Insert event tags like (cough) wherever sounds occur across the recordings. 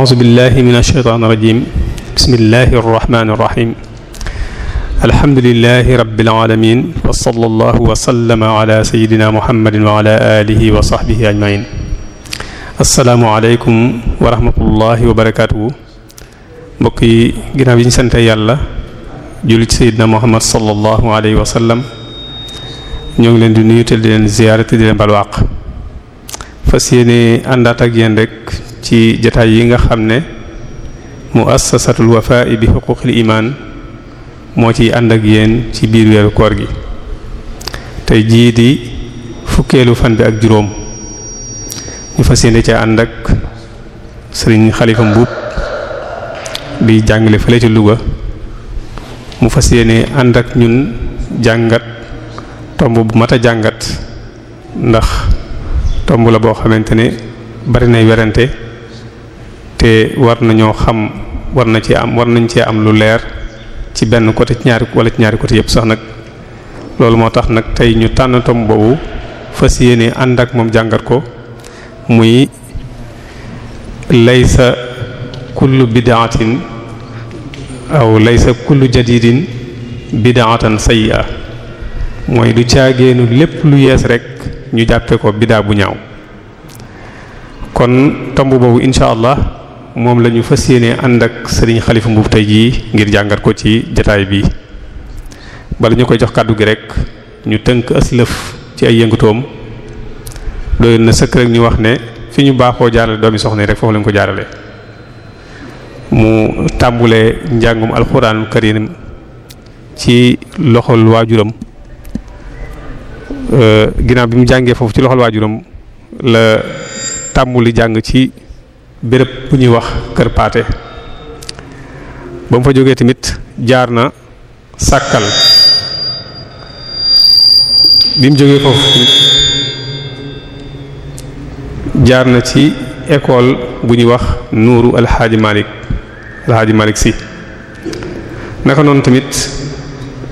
أعوذ بالله من الشيطان الرجيم بسم الله الرحمن الرحيم الحمد لله رب العالمين وصلى الله وسلم على سيدنا محمد وعلى آله وصحبه أجمعين السلام عليكم ورحمة الله وبركاته mbokk yi ginnaaw yi ñu sant yàlla julli ci Seydina Muhammad sallallahu alayhi wa sallam ñoo ngi leen di nuyu te di leen ziyaare te di leen balwaaq fas yéene àndaat ak yéen rek ci jataay yi nga xam ne muassasatul wafaa'i bi xuquqil iman moo ciy ànd ak yéen ci biir weeru koor gi tey jii di fukkeelu fan bi ak juróom ñu fas yéene ca ànd ak sëriñ xalifa mbuub di jàngale fële ci Louga mu fas yéene ànd ak ñun jàngat tomb bu mat a jàngat ndax tomb la boo xamante ne bari nay werante te war nañoo xam war na ci am war nañ cee am lu leer ci benn côté ci ñaari wala ci ñaari côté yëpp sax nag loolu moo tax nag tey ñu tànn tom boobu fas yéene ànd ak moom jàngat ko muy laysa kullu bidaatin aw laysa kullu jadidin bidaatan sayyi'a mooy du caageenu lépp lu yees rek ñu jàppe ko bidaa bu ñaaw kon tomb boobu incha allah moom lañu ñu fas yéene ànd ak sëriñ xalifa mbuub tey jii ngir jàngat ko ci jataay bii bala ñu koy jox kàddu gi rek ñu tënk aslëf ci ay yëngutoom doy na sëkk rek ñu wax ne fi ñu baaxoo jaarale doomi soxna rek foofu lañ ko jaarale mu tàmbulee njàngum alxuraanul karim ci loxol waajuram euh, ginaaw bi mu jàngee foofu ci loxol waajuram la tàmbuli jàng ci béréb bu ñuy wax kër paate ba mu fa jógee tamit jaar na sàkkal bi mu jógee foofu jaar na ci école bu ñuy wax nuuru alxaaji malik alxaaji malik si naka noonu tamit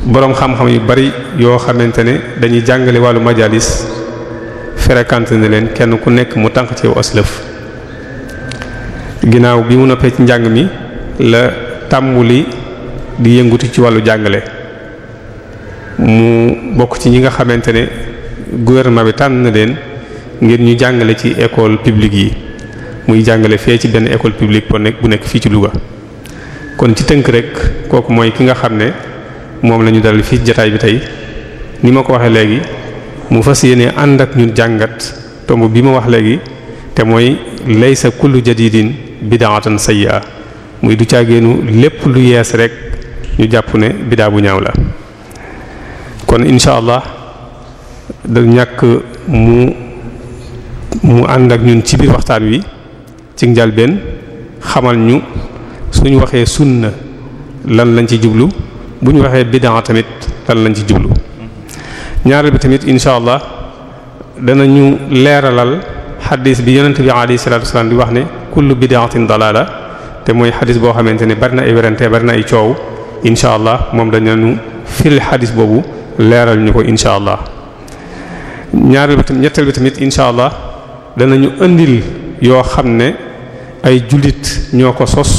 boroom xam-xam yu bari yoo xamante ne dañuy jàngale wàllu majalis fréquenté ne leen kenn ku nekk mu tànk ci oslof ginnaaw bi mu noppee ci njàng mi la tàmbuli di yëngutu ci wàllu jàngale mu bokk ci ñi nga xamante ne gouvernement bi tànn na leen ngir ñu jàngale ci école publique yi muy jàngale fee ci benn école publique bu nekk bu nekk fii ci Louga kon ci tënk rek kooku mooy ki nga xam ne moom lañu ñu dalal fii jataay bi tey ni ma ko waxee léegi mu fas yéene ànd ak ñun jàngat tomb bi ma wax léegi te mooy laysa kullu jadidin bidaatan sayyi'a muy du caageenu lépp lu yees rek ñu jàpp ne biddaa bu ñaaw la kon incha allah da ñàkk mu mu ànd ak ñun ci biir waxtaan wi ci njalbeen xamal ñu suñu waxee sunna lan lañ ci jublu bu ñu waxee bidaa tamit lan lañ ci jublu ñaareel bi tamit incha allah danañu leeralal xadis bi yonent bi alayhi salatu wassalam di wax ne kullu bid'atin dalala te mooy xadis boo xamante ne bari na ay werante bari na ay coow incha allah moom la ñu firil xadis boobu leeral ñu ko incha allah ñaareel ba tamit ñetteel bi tamit incha allah danañu indil yoo xam ne ay jullit ñoo ko sos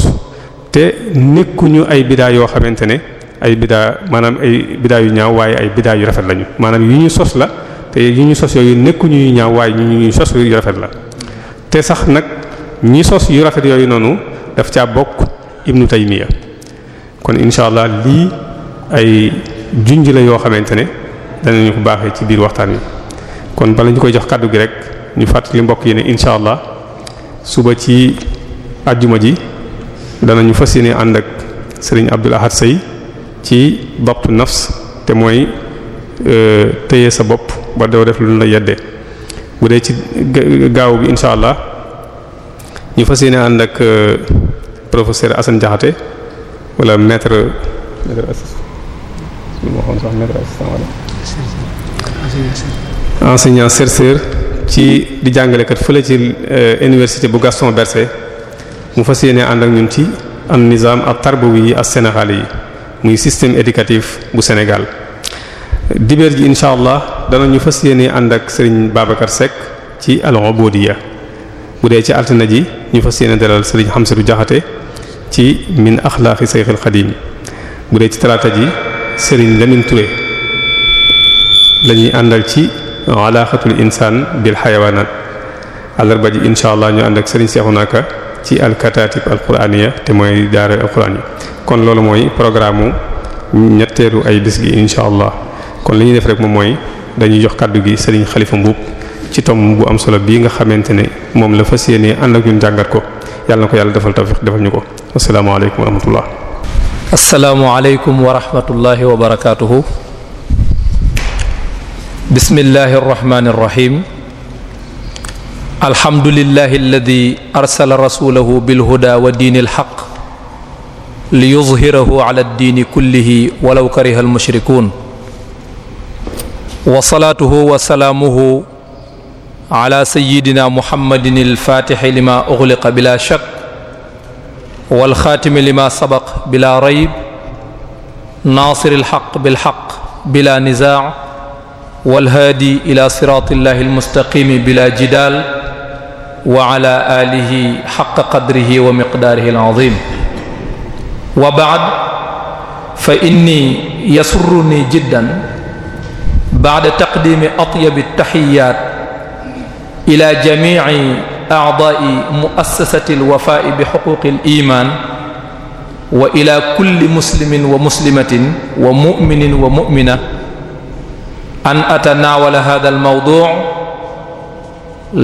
te nekkuñu ay bidaa yoo xamante ne ay bidaa maanaam ay bidaa yu ñaaw waaye ay bidaa yu rafet lañu maanaam yu ñu sos la. te yi ñu sos yooyu nekkuñu yu ñaaw waaye ñu ñuy sos yu rafet la te sax nag ñi sos yu rafet yooyu noonu daf caa bokk ibnu taymiya kon incha allah lii ay junj la yoo xamante ne danañu ko baaxee ci biir waxtaan wi kon bala ñu koy jox kàddu gi rek ñu fàttali mbokk yi ne incha allah suba ci ajjuma ji dana ñu fas yéene ànd ak sëriñ Abdul Ahad Sey ci bopp nafs te mooy Euh, téye sa bopp ba doo def lu la yeddee bu dee ci gaaw bi incha allah ñu fas yéene ànd ak euh, professeur Assane Diakhaté wala maître enseignant chercheur ci di jàngalekat fële ci euh, université bu Gaston Berger mu fas yéene ànd ak ñun ci an nizam at tarbawi yi ak sénégalais yi muy système éducatif bu Sénégal dibeer ji incha allah dana ñu fas yéene ànd ak sëriñ Babacar Seck ci al-Ubudiyya bu dee ci altine ji ñu fas yéene dalal sëriñ Hamsatu Jaxate ci min axlaaqi Seyxul Xadiim bu dee ci talaata ji sëriñ Lamine lañuy àndal ci alaaqatul insaan bil xayawaanaat àllarba ji incha allah ñu ànd ak sëriñ Seexuna Ka ci alkataatib alquraaniya te mooy daara alquraan yi kon loolu mooy programme ñetteelu ay bis gi incha allah. kon li ñuy def rek moom mooy dañuy jox kàddu gi Serigne Khalifa Mboup ci tom bu am solo bii nga xamante ne moom la fa yéenee ànd ak ñun jàngat ko yàlla na ko yàlla defal tawfiq defal ñu ko asalaamaaleykum wa rahmatullah asalaamaaleykum wa rahmatullahi wa barakaatuhu bismillahi arrahmani arrahim alhamdulillahi alladi arsala rasulahu bilhuda wa diini alxaq liyuzhirahu ala addiini kullihi walaw kariha almushrikuun wa salaatuhu wa salaamuhu ala sayidina muhammadin alfatixi lima uxliqa bila shak walxaatimi lima sabaq bila rayb naasiri alxaq bilxaq bila nizaac walhaadi ila siraati illahi almustaqimi bila jidaal wa ala alihi xaqa qadrihi wa miqdaarihi alazim wa baad fa inni yasurruni jiddan baada taqdimi atyabi taxiyat ila jamici aadai muassasati alwafai bi xuquqi aliman wa ila kulli muslimin wa muslimatin wa muminin wa mumina an atanaawala hada almawdu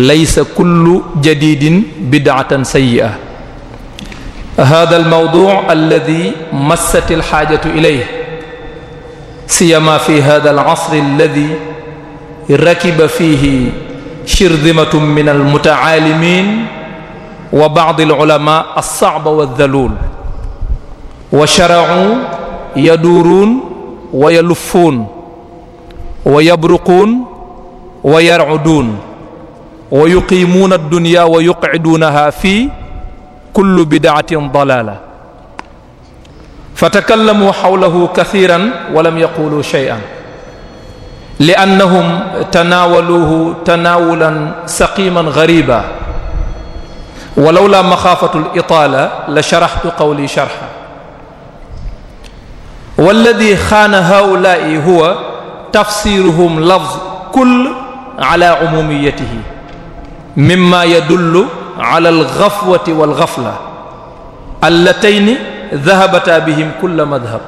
laysa kullu jadidin bidatan sayi'a hada almawdu alladi massat alxaajatu ilayhi siyama fi hada al asr alladi rakiba fihi shirdimatun min al mutaalimin wa ba'd al ulama al sa'b wa dhalul wa shara'u yaduruun wa yaluffuun wa yabruquun wa yar'uduun wa yuqiimuuna ad-dunyaa wa yuq'iduunahaa fii kullu bid'atin dalaala fa takallamu xawlahu kathiran wa lam yaqulu shay'an li annahum tanaawaluuhu tanaawulan saqiman gariba wa lawla maxaafatu al-itaala la sharaxtu qawli sharxa walladi xaana haa'ulaa'i huwa tafsiruhum lafz kull ala umuumiyatihi mimma yadullu ala al-gafwati wal-gafla allatayni dhahabata bihim kulla madhab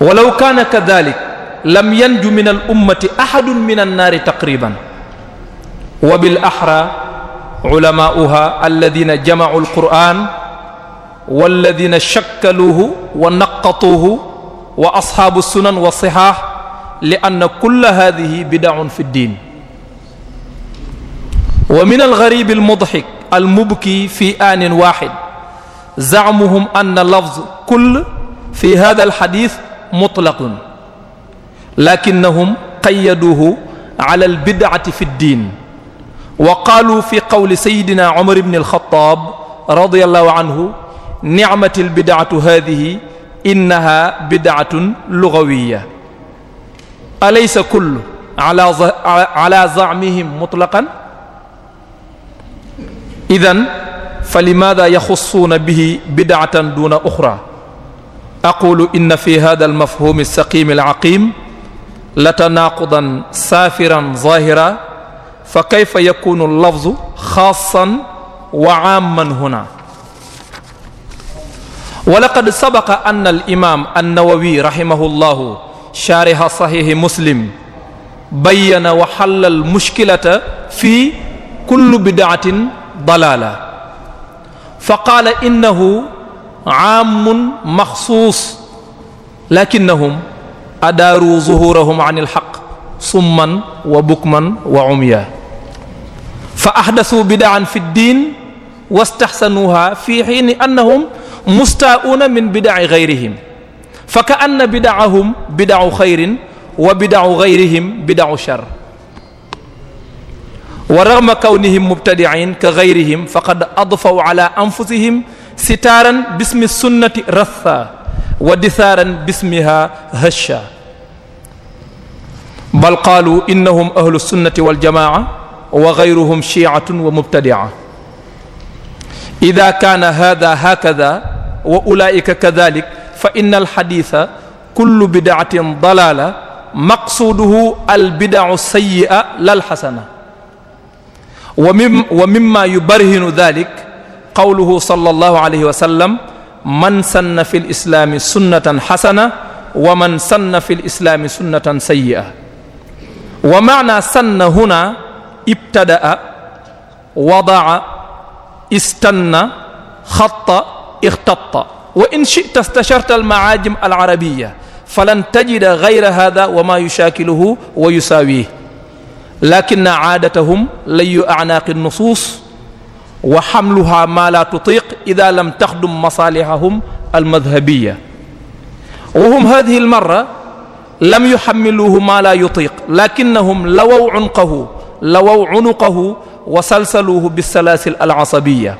walaw kaana kadhalik lam yanju min al ummati ahadun min an naari taqriban wa bil ahra ulamaa'uha alladhina jama'u al qur'an walladhina shakkaluhu wa naqqatuhu wa ashaabu sunan wa sihah li anna kulla hadhihi bid'un fi ddin wa min al gharib al mudhik al mubki fi anin wahid zaamuhum anna lafz kull fi hada alxadis mutlaqun lakinnahum qayaduuhu ala albidcati fi ddin wa qaalu fi qawli sayidina omar ibn alxataab radiallahu anhu nicmati albidcatu hadihi innaha bidcatun lugawiya alaysa kull ala zaamihim mutlaqan idan fa limaada yaxussuuna bihi bidaatan duna uxra aqulu inna fi hada almafhumi alsaqimi alaqim la tanaaqudan saafiran zaahira fa kayfa yakunu allafzu xaasan wa aamman huna wa laqad sabaqa anna alimaam annawawi rahimahu llahu shaariha saxiixi muslim bayyana wa xallal mushkilata fii kullu bidaatin dalaala fa qaala innahu aamun maxsuus lakinnahum adaaru zuhurahum an ilxaq summan wa bukman wa umya fa ahdasuu bidaan fi ddiin wastaxsanuuha fi xiini annahum mustaa'uuna min bidaci gayrihim fa ka anna bidacahum bidacu xayrin wa bidacu gayrihim bidacu shar wa raghma kawnihim mubtadi'in ka ghayrihim faqad adfaw ala anfusihim sitaaran bismi sunnati ratha wa disaaran bismiha hasha bal qaalu innahum ahlu sunnati wal jamaa wa ghayruhum shi'atun wa mubtadi'a idha kana hadha hakadha wa ulaa'ika kadhalik fa innal haditha kullu bid'atin dalala maqsuduhu al bid'u sayyi'a lal hasana wa mimma yubarhinu dhalik qawluhu sallallahu alayhi wa sallam man sanna fi lislaami sunnatan xasana wa man sanna fi lislaami sunnatan sayyi'a wa maana sanna huna ibtada'a wada'a istanna xatta ixtatta wa in shi'ta istasharta al-ma'aajim al-arabiyya falan tajida ghayra haadha wa ma yushaakiluhu wa yusaawihi lakinna aadatahum layu anaaqi nusuus wa xamluha ma la tutiq ida lam taxdum masalihahum almadhabiya wa hum hadihi almarra lam yuxammiluuhu ma la yutiq lakinnahum lawaw unqahu lawaw unuqahu wa salsaluuhu bisalaasil alasabiya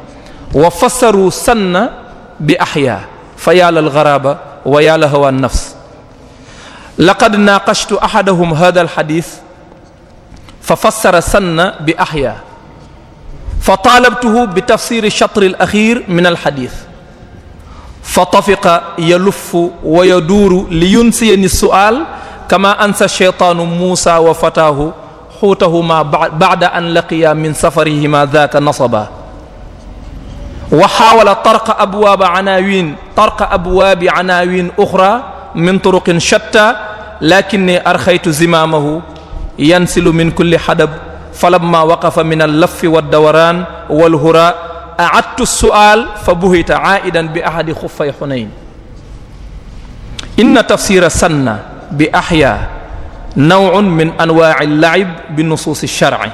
wa fassaru sanna bi axyaa fa yàlla algaraba wa yàlla hawa nafs laqad naaqashtu axadahum hada alxadis fa fassara sanna bi ahya fa taalabtuhu bi tafsiri chatri al axir min alxadis fa tafiqa yaluffu wa yaduuru li yunsiyani su'aal kama ansa sheytaanu muusa wa fataahu xuutahuma bada an laqiya min safarihima daaka nasaba wa xaawala tarqa abwaaba canaawin tarqa abwaabi canaawin uxra min turuqin shatta lakinni arxaytu zimaamahu yansilu min kulli xadab falamma waqafa min allaffi waddawraan walhura aattu su'al fa buhita aidan bi ahadi xuffay xunayn inna tafsira sanna bi ahya nawun min anwaaci llaib bi nusuusi sharci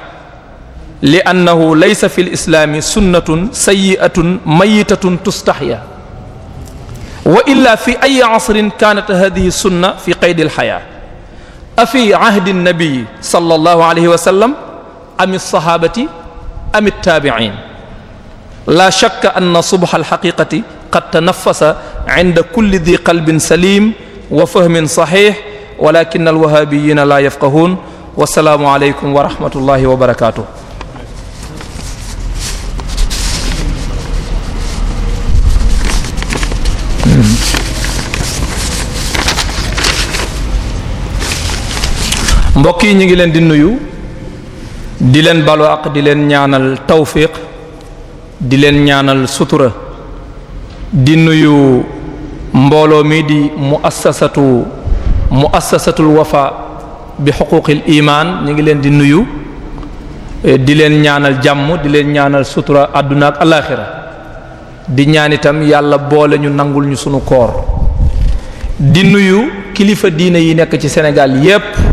li annahu laysa fi lislaami sunnatun sayi'atun mayitatun tustaxya wa illa fi ay asrin kaanat hadihi sunna fi qeydil xayaa afi ahdi nabii sallallahu alayhi wa sallam ami sahabati ami tabi'in la shakka anna subha alhaqiqati qad tanaffasa inda kulli dhi qalbin salim wa fahmin sahih walakin alwahabiyina la yafqahun wa salaamu alaykum wa rahmatullahi wa barakatuh mbokk yi ñu ngi leen di nuyu di leen balwaaq di leen ñaanal tawfiq di leen ñaanal sutura di nuyu mbooloo mi di mu mu muassasatul wafa bi xuquqil iman ñu ngi leen di nuyu eh, di leen ñaanal jàmm di leen ñaanal sutura àdduna ak di ñaan itam yàlla boole ñu nangul ñu sunu koor di nuyu kilifa diine yi nekk ci Sénégal yépp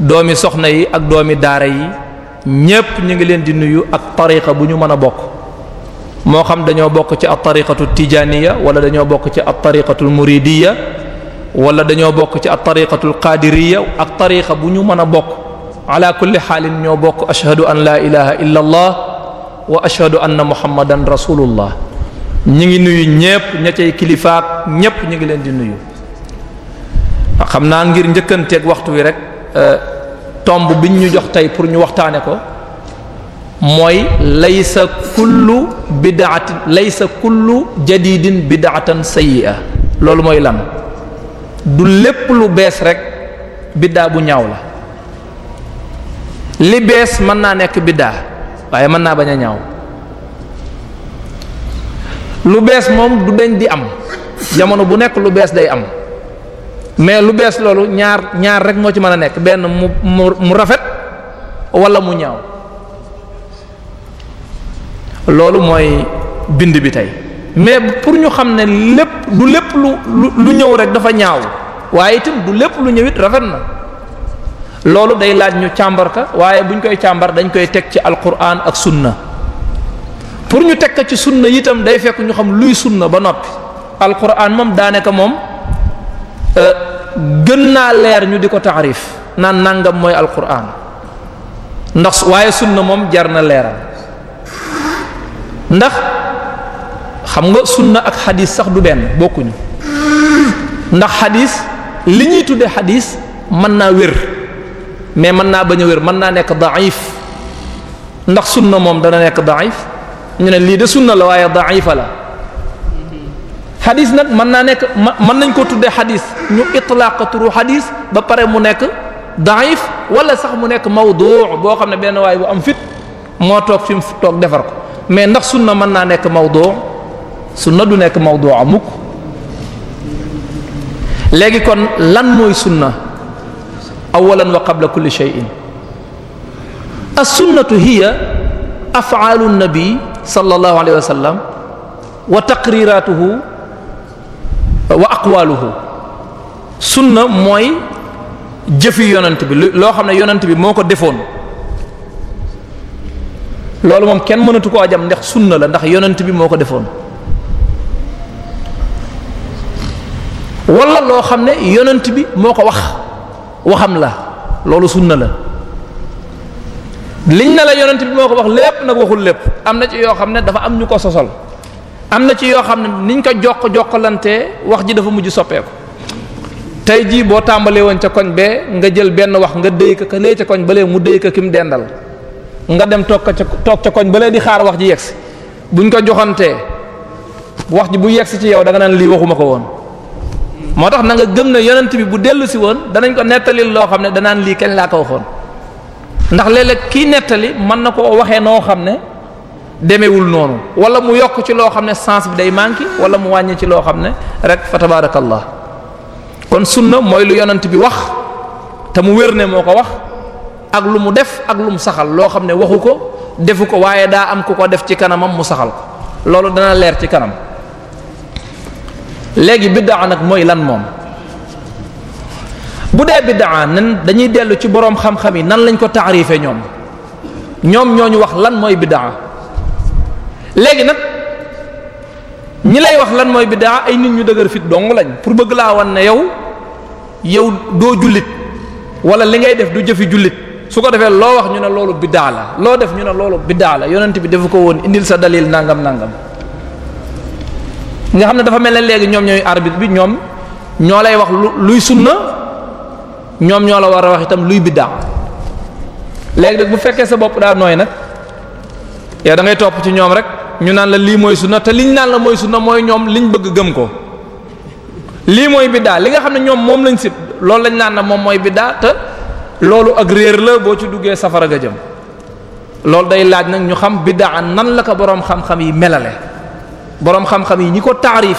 doomi soxna yi ak doomi daara yi ñépp ñu ngi leen di nuyu ak tariqa bu ñu mën a bokk moo xam dañoo bokk ci at tariqatu tijaniya wala dañoo bokk ci at tariqatul muridiya wala dañoo bokk ci at tariqatul qadiriya ak tariqa bu ñu mën a bokk ala kulli xaalin ñoo bokk ashhadu an laa ilaha illa allah wa ashhadu anna muhammadan rasulullah ñu ngi nuyu ñépp ña cay kilifaak ñépp ñu ngi leen di nuyu xam naa ngir njëkkanteeg waxtu wi rek tomb biñ ñu jox tey pour ñu waxtaane ko mooy lay lay sa bidaatin laysa kullu jadidin bidaatan sayyi'a loolu mooy lan du lépp lu bees rekk biddaa bu ñaaw la li bees mën naa nekk biddaa waaye mën naa bañ a ñaaw lu bees moom du dañ di am jamono bu nekk lu bees day am mais lu bees loolu ñaar ñaar rek moo ci mën a nekk benn mu mu mu rafet walla mu ñaaw loolu mooy bind bi tey mais pour ñu xam ne lépp du lépp lu lu ñëw rek dafa ñaaw waaye itam du lépp lu ñëw rafet na loolu day laaj ñu càmbar ka waaye buñ koy càmbar dañ koy teg ci alquran ak sunna pour ñu teg ko ci sunna itam day fekk ñu xam luy sunna ba noppi alquran moom daanaka moom. Euh, gën naa leer ñu di ko taarif naan nangam mooy alquran ndax waaye sunna moom jar na leeral ndax xam nga sunna ak xadis sax du benn bokkuñu ndax xadis li ñuy tudde xadis mën naa wér mais mën naa bañ a wér mën naa nekk daif ndax sunna moom dana nekk daif ñu ne lii de sunna la waaye daa daifa la xadis nag mën naa nekk mën nañ koo tuddee xadis ñu itlaq turu ba pare mu nekk daif wala sax mu nekk mawdu boo xam ne benn waay bu am fit moo toog fi mu toog defar ko mais ndax sunna mën naa nekk mawdu sunna du nekk mawdu mukk léegi kon lan mooy sunna awalan wa qabla kulli shay'in as-sunnatu hiya af'aalu nabi sallallahu alayhi wa sallam wa taqriratuhu wa aqwaluhu sunna mooy jëfi yonent bi loo xam ne yonent bi moo ko defoon loolu moom kenn mënatu koo jam ndax sunna la ndax yonent bi moo ko defoon wala loo xam ne yonent bi moo ko wax waxam la loolu sunna la liñ na la yonent bi moo ko wax lépp nag waxul lépp am na ci yoo xam ne dafa am ñu ko sosal am na ci yoo xam ne niñ ko jokk jokkalante wax ji dafa mujj soppeeku tey jii boo tàmbalee woon ca koñ bee nga jël benn wax nga déy ka ka ca koñ balee mu déy ka ki mu dendal nga dem toog ca toog ca koñ balee di xaar wax ji yegsi buñ ko joxantee wax ji bu yegsi ci yow danga nga naan lii waxuma ko woon moo tax na nga gëm ne yonent bi bu dellu si woon danañ ko nettalil loo xam ne danaan lii kañ laa ko waxoon ndax léeg-léeg nettali mën na koo waxee noo xam ne demewul noonu wala mu yokk ci loo xam ne sens bi day manqué wala mu wàññi ci loo xam ne rek fa tabarakallah kon sunna mooy lu yonent bi wax te mu wér ne moo ko wax ak lu mu def ak lu mu saxal loo xam ne waxu ko defu ko waaye daa am ku ko def ci kanamam mu saxal ko loolu dana leer ci kanam léegi biddaa nag mooy lan moom bu dee biddaa nan dañuy dellu ci boroom xam-xam yi nan lañ ko taarifee ñoom ñoom ñoo ñu wax lan mooy biddaa léegi nag ñi lay wax lan mooy biddaa ay nit ñu dëgër fit dong lañ pour bëgg laa wan ne yow yow doo jullit wala li ngay def du jëfi jullit su ko defee loo wax ñu ne loolu biddaa la loo def ñu ne loolu biddaa la yonent bi dafa ko woon indil sa daliil nangam nangam nga xam ne dafa mel ne léegi ñoom ñooy arbitre bi ñoom ñoo lay wax lu luy sunna ñoom ñoo la war a wax itam luy biddaa léegi nag bu fekkee sa bopp daa nooy nag yow dangay topp ci ñoom rek. ñu naan la lii mooy sunna te liñ naan la mooy sunna mooy ñoom li ñu bëgg gëm ko lii mooy biddaa li nga xam ne ñoom moom lañu sib loolu lañ naan na moom mooy biddaa te loolu ak réer la boo ci duggee safara ga jëm loolu day laaj nag ñu xam biddaa nan la ko boroom xam-xam yi melale boroom xam-xam yi ñi ko taarif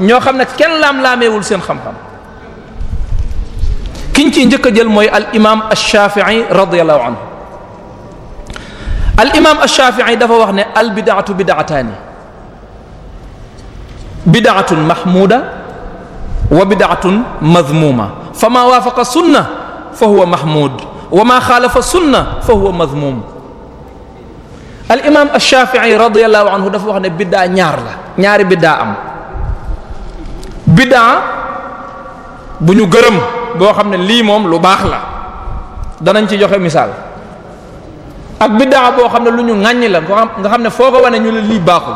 ñoo xam ne kenn laam laamewul seen xam-xam kiñ ciy njëkk a jël mooy al imaam ash-Shafi'i radiyallahu anhu al imaam ash-Shafi'i dafa wax ne al bidaatu bidaataani bidaatun mahmuda wa bidaatun madhmuma fa maa waafaqa sunna fa huwa mahmud wa maa xaalafa sunna fa huwa madhmum al imaam ash-Shafi'i radiyallahu anhu dafa wax ne biddaa ñaar la ñaari biddaa am biddaa bu ñu gërëm boo xam ne lii moom lu baax la danañ ci joxe misaal. ak biddaa boo xam ne lu ñu ŋàññi la nga xam ne foo ko wane ñu ne lii baaxul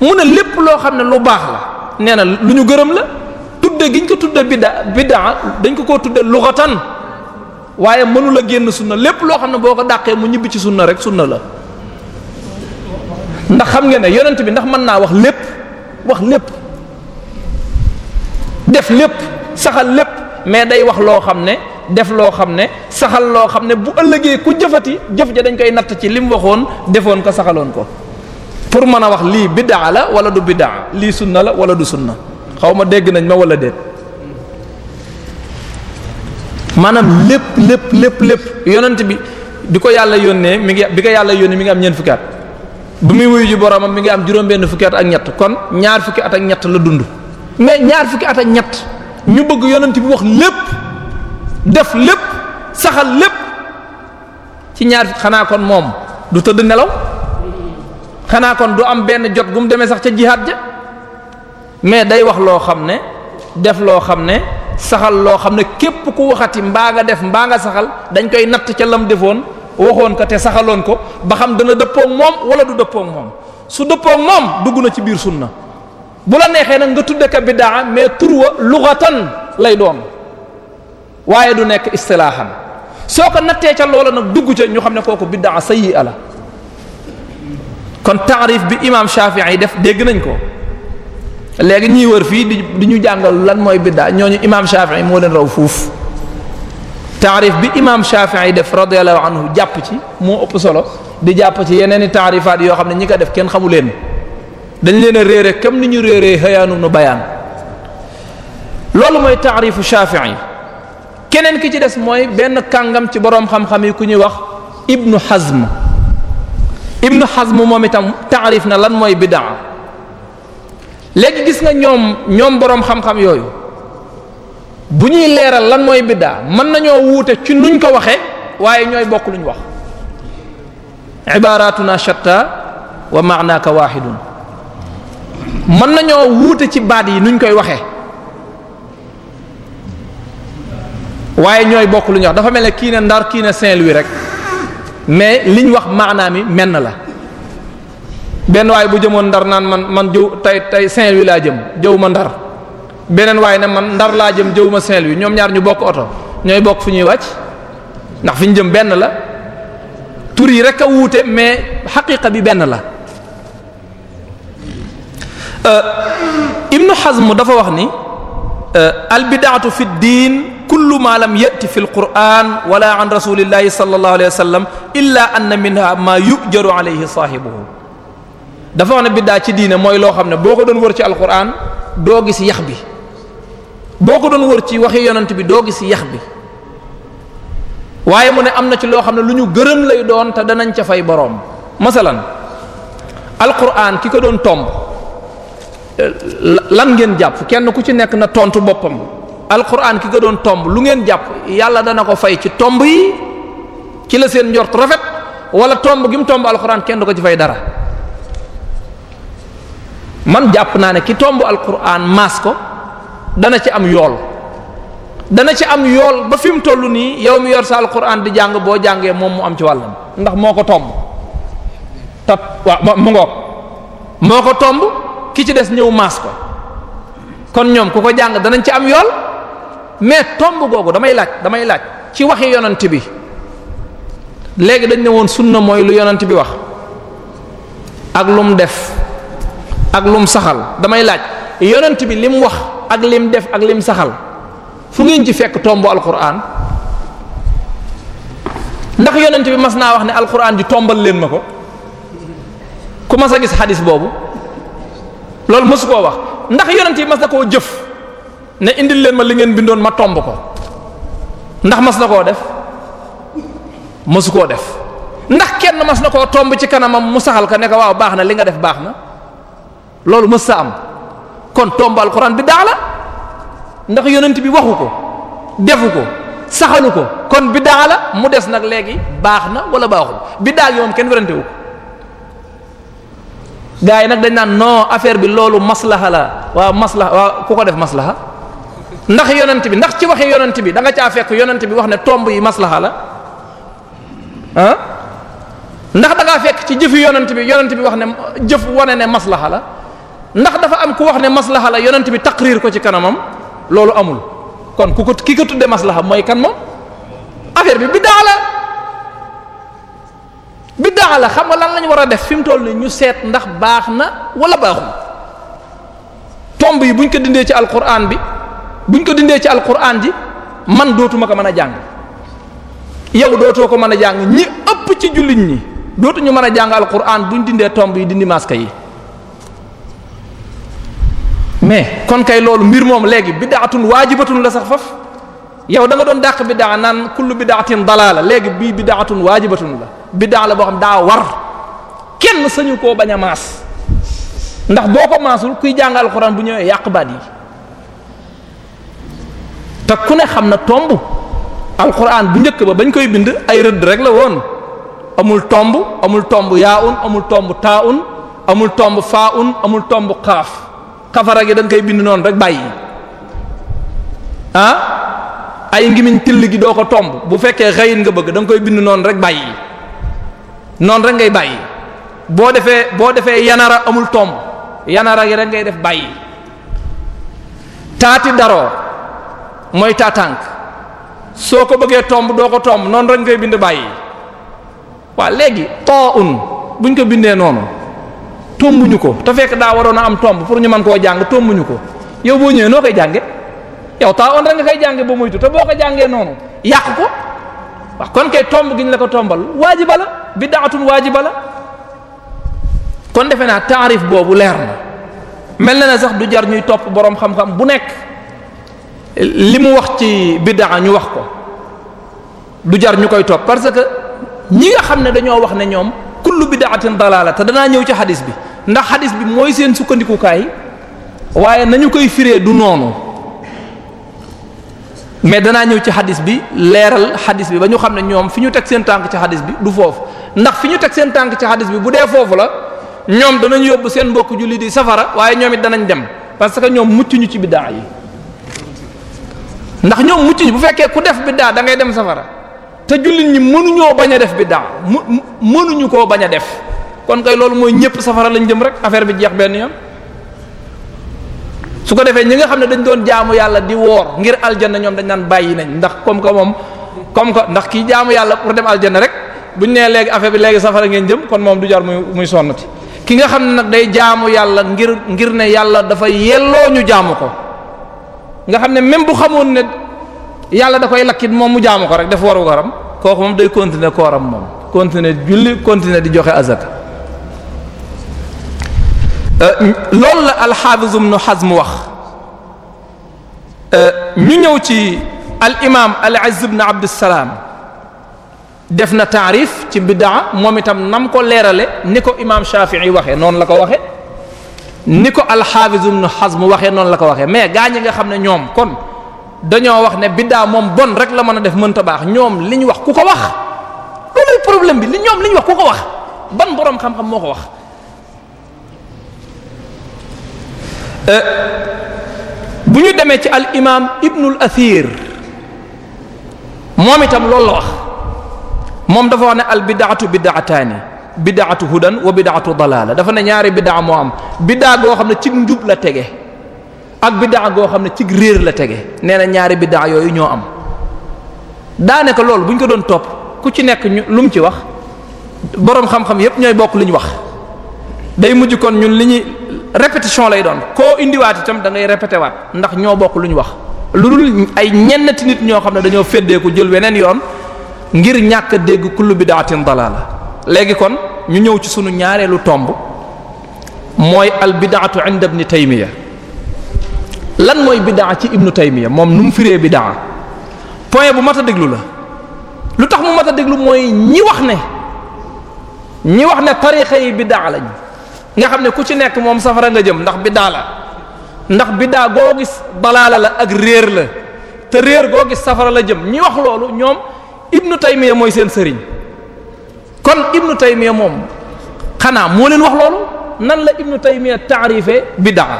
mu ne lépp loo xam ne lu baax la nee na lu ñu gërëm la gi giñ ko tudde biddaa biddaa dañ ko koo tudde luxatan waaye mënu la génn sunna lépp loo xam ne boo ko dàqee mu ñibbi ci sunna rek sunna la ndax xam nga ne yonent bi ndax mën naa wax lépp wax lépp def lépp saxal lépp mais day wax loo xam ne def loo xam ne saxal loo xam ne bu ëllëgee ku jëfati jëf ja dañ koy natt ci lim waxoon defoon ko saxaloon ko pour mën a wax lii biddaa la wala du biddaa lii sunna la wala du sunna xaw ma dégg nañ ma walla déet maanaam lépp lépp lépp lépp yonent bi di ko yàlla yónnee mu ngi bi ko yàlla yónnee mi ngi am ñeent fukki at bu muy wuyu ji boromam mi ngi am juróom-benn fukki at ak ñett kon ñaar fukki at ak ñett la dund mais ñaar fukki at ak ñett ñu bëgg yonent bi lépp. def lépp saxal lépp ci ñaar xanaa kon moom du tëdd nelaw xanaa kon du am benn jot gu mu demee sax ca jihaad ja mais day wax loo xam ne def loo xam ne saxal loo xam ne képp ku waxati mbaa nga def mbaa nga saxal dañ koy natt ca lam defoon waxoon ko te saxaloon ko ba xam dana dëppook moom wala du dëppook moom su dëppook moom dugg na ci biir na bu la neexee nag nga tudde ka bidaa mais tur wa luxatan lay doon waaye du nekk istilaahan soo ko nattee ca loola nag dugg ca ñu xam ne kooku biddaa sayyi'a la kon taarif bi imaam Shafi'i def dégg nañ ko léegi ñuy wër fii di ñu jàngal lan mooy biddaa ñooñu imaam Shafi'i moo leen raw fuuf taarif bi imaam Shafi'i def radiyallahu anhu jàpp ci moo ëpp solo di jàpp ci yeneen i taarifaat yoo xam ne ñi ko def kenn xamu leen dañ leen a réere comme ni ñu réere xëyaanu nu bayaan loolu mooy taarifu Shafi'i keneen ki ci des mooy benn kàngam ci boroom xam-xam yi ku ñuy wax ibnu hazm ibnu hazm moom itam taarif na lan mooy bidaa léegi gis nga ñoom ñoom boroom xam-xam yooyu bu ñuy leeral lan mooy bidaa mën nañoo wuute ci nuñ ko waxee waaye ñooy bokk luñ wax ibaratuna shatta wa maanaka wahidun mën nañoo wuute ci baat yi nuñ koy waxee waaye ñooy bokk lu ñu wax dafa mel ne kii ne Ndar kii ne saint wi rek mais liñ wax maanaam yi menn la benn waay bu jëmoon Ndar naan man man jëw tey tey Saint-Louis laa jëm jëw ma Ndar beneen waay ne man Ndar laa jëm jëw ma Saint-Louis ñoom ñaar ñu bokk oto ñooy bokk fu ñuy wàcc ndax fi ñu jëm benn la tur yi rek a wuute mais xaqiiqa bi benn la euh, Ibnu Hazm dafa wax ni euh, al bid'atu kullu ma lam yati fi alquran wala an rasulillahi sallallahu alayhi wa sallam illa anna minha ma yujaru alayhi saahibuhu dafa wax biddaa ci diine mooy loo xam ne boo ko doon wër ci alquran doo gis yax bi boo ko doon wër ci waxi yonent bi doo gis yax bi waaye mu ne am na ci loo xam ne lu ñu gërëm lay doon te danañ ca fay boroom masalan alquran ki ko doon tomb lan ngeen jàpp kenn ku ci nekk na tontu boppam alquran ki ko doon tomb lu ngeen jàpp yàlla dana ko fay ci tomb yi ci la seen njort rafet wala tomb gi mu tomb alquran kenn du ko ci fay dara man jàpp naa ne ki tomb alquran maas ko dana ci am yool dana ci am yool ba fi mu toll nii yow mi yor sa alquran di jàng boo jàngee moom mu am ci wàllam ndax moo ko tomb tat waaw mu ngoog moo ko tomb ki ci des ñëw maas ko kon ñoom ku ko jàng danañ ci am yool mais tomb googu damay laaj damay laaj ci waxi yonant bi léegi dañ ne woon sunna mooy lu yonent bi wax ak lum def ak lum saxal damay laaj yonent bi lim wax ak lim def ak lim saxal fu ngeen ci fekk tombu alquran ndax yonant bi mas naa wax ne alquran di tombal leen ma ko ku mas a gis xadis boobu loolu mësu koo wax ndax yonent yi mas na koo jëf. ne indil leen ma li ngeen bindoon ma tomb ko ndax mas na koo def masu koo def ndax kenn mas na koo tomb ci kanamam mu saxal ko nekk ko waaw baax na li nga def baax na loolu mës sa am kon tomb bi daa la ndax yonent bi waxu ko defu ko saxalu ko kon bi daa mu des nag léegi baax na wala baaxul bi daa kenn werante wu ko nag dañ naan affaire bi loolu maslaha la waaw maslaha waaw ku ko def maslaha ndax yonent bi ndax ci waxi yonent bi danga caa fekk yonent bi wax ne tomb yi maslaha la ah? ndax da fekk ci jëfi yonent bi yonent bi wax ne jëf wane ne maslaha ndax dafa am ku wax ne maslaha la yonent bi taqrir ko ci kanamam loolu amul kon ku ko ki ko tudde maslaha mooy kan moom affaire bi biddaa la biddaa la xam nga lan lañu war a def fi mu toll ni ñu seet ndax baax na wala baaxul tomb yi buñ ko dindee ci alquran bi buñ ko dindee ci alquran ji man dootuma ko mën a jàng yow dootoo ko mën a jàng ñi ëpp ci jullit ñi dootuñu mën a jàng alquran buñ dindee tomb yi dindi masque yi mais kon kay loolu mbir moom léegi bid'atun waajibatun la sax faf yow da nga doon dàq bid'a naan kullu bid'atin dalaala léegi bii bid'atun waajibatun la bid'a la boo xam daa war kenn sañu koo bañ a maas ndax boo ko maasul kuy jàng alquran bu ñëwee yàqu baat yi te ku ne xam na tomb alquran bu njëkk ba bañ koy bind ay rëdd rek la woon amul tomb amul tomb yaaun amul tomb taaun amul tomb faaun amul tomb xaaf xafara gi dañ koy bind noonu rek bàyyi ah ay ngimiñ till gi doo ko tomb bu fekkee xëyin nga bëgg danga koy bind noonu rek bàyyi noonu rek ngay bàyyi boo defee boo defee yanara amul tomb yanara gi rek ngay def bàyyi taati daroo mooy tànk soo ko bëggee tomb doo ko tomb noonu rek ngay bind bàyyi waaw léegi too un buñ ko bindee noonu tombuñu ko te fekk daa waroon a am tomb pour ñu mën koo jàng tombuñu ko yow boo ñëwee noo koy jànge yow taa on rek nga koy jànge ba moytu te boo ko jàngee noonu yàq ko wax kon kay tomb giñ la ko tombal waajiba la bid'atun waajiba la kon defe naa taarif boobu leer na mel na ne sax du jar ñuy topp boroom xam-xam bu nekk li mu wax ci biddaa ñu wax ko du jar ñu koy topp parce que ñi nga xam ne dañoo wax ne ñoom kullu bid'atin dalaala te danaa ñëw ci xadis bi ndax xadis bi mooy seen sukkandikukaay waaye nañu koy firee du noonu mais danaa ñëw ci xadis bi leeral xadis bi ba ñu xam ne ñoom fi ñu teg seen tànk ci xadis bi du foofu ndax fi ñu teg seen tànk ci xadis bi bu dee foofu la ñoom danañ yóbbu seen mbokk julli di safara waaye ñoom it danañ dem parce que ñoom mucc ci biddaa yi ndax ñoom mucc ñu bu fekkee ku def biddaa da ngay dem safara te jullit ñi mënuñoo bañ a def biddaa mu mënuñu koo bañ a def kon kay loolu mooy ñépp safara lañ jëm rek affaire bi jeex benn yoon su ko defee ñi nga xam ne dañ doon jaamu yàlla di woor ngir aljanna ñoom dañ naan bàyyi nañ ndax comme que moom comme que ndax kii jaamu yàlla pour dem aljanna rek buñ nee léegi affaire bi léegi safara ngeen jëm kon moom du jar muy muy sonnati ki nga xam ne nag day jaamu yàlla ngir ngir ne yàlla dafa yelloo ñu jaamu ko. nga xam ne même bu xamoon ne yàlla da koy lakkit moom mu jaamu ko rek def waru koram kooku moom day continuer kooram moom continuer julli continuer di joxe azaka euh, loolu la al-Hafiz Ibn mu wax euh, ñu ñëw ci al imaam al-Izz ibn Abdussalam def na taarif ci biddaa moom itam nam ko leerale ni ko imaam Shafi'i waxe noonu la ko waxe ni ko al-Hafiz ibn Hazm waxee noonu la ko waxee mais gaa ñi nga xam ne ñoom kon dañoo wax ne biddaa moom bon rek la mën a def mënta baax ñoom li ñu wax ku ko wax loolu problème bi li ñoom li ñu wax ku ko wax ban boroom xam-xam moo ko wax. Euh, bu ñu demee ci al imaam Ibnul Athir moom itam loolu la wax moom dafa wax ne al bid'atu bid'atani bidaatu hudan wa bidaatu dalaala dafa ne ñaari bidaa moo am bidaa goo xam ne cig njub la tege ak bidaa goo xam ne cig réer la tege nee na ñaari biddaa yooyu ñoo am daanaka loolu bu ñu ko doon topp ku ci nekk ñu lu mu ci wax boroom xam-xam yépp ñooy bokk lu ñu wax day mujj kon ñun li ñuy répétition lay doon koo indiwaat itam da ngay waat ndax ñoo bokk lu ñu wax lu dul ay ñennati nit ñoo xam ne dañoo feddeeku jël weneen yoon ngir ñàkk dégg kullu bidaatin dalaala léegi kon ñu ñëw ci sunu ñaareelu tomb mooy al bidaatu inda ni taymiya lan mooy bidaa ci ibnu taymiya moom nu mu firee bidaa point bu mat a déglu la lu tax mu mat a déglu mooy ñi wax ne ñi wax ne tarixa yi bidaa lañ nga xam ne ku ci nekk moom safara nga jëm ndax bidaa la ndax bidaa goo gis dalaala la ak réer la te réer goo gis safara la jëm ñi wax loolu ñoom ibnu taymiya mooy seen sëriñ kon ibnu taymiya moom xanaa moo leen wax lool nan la ibnu taymiya taarife bidaa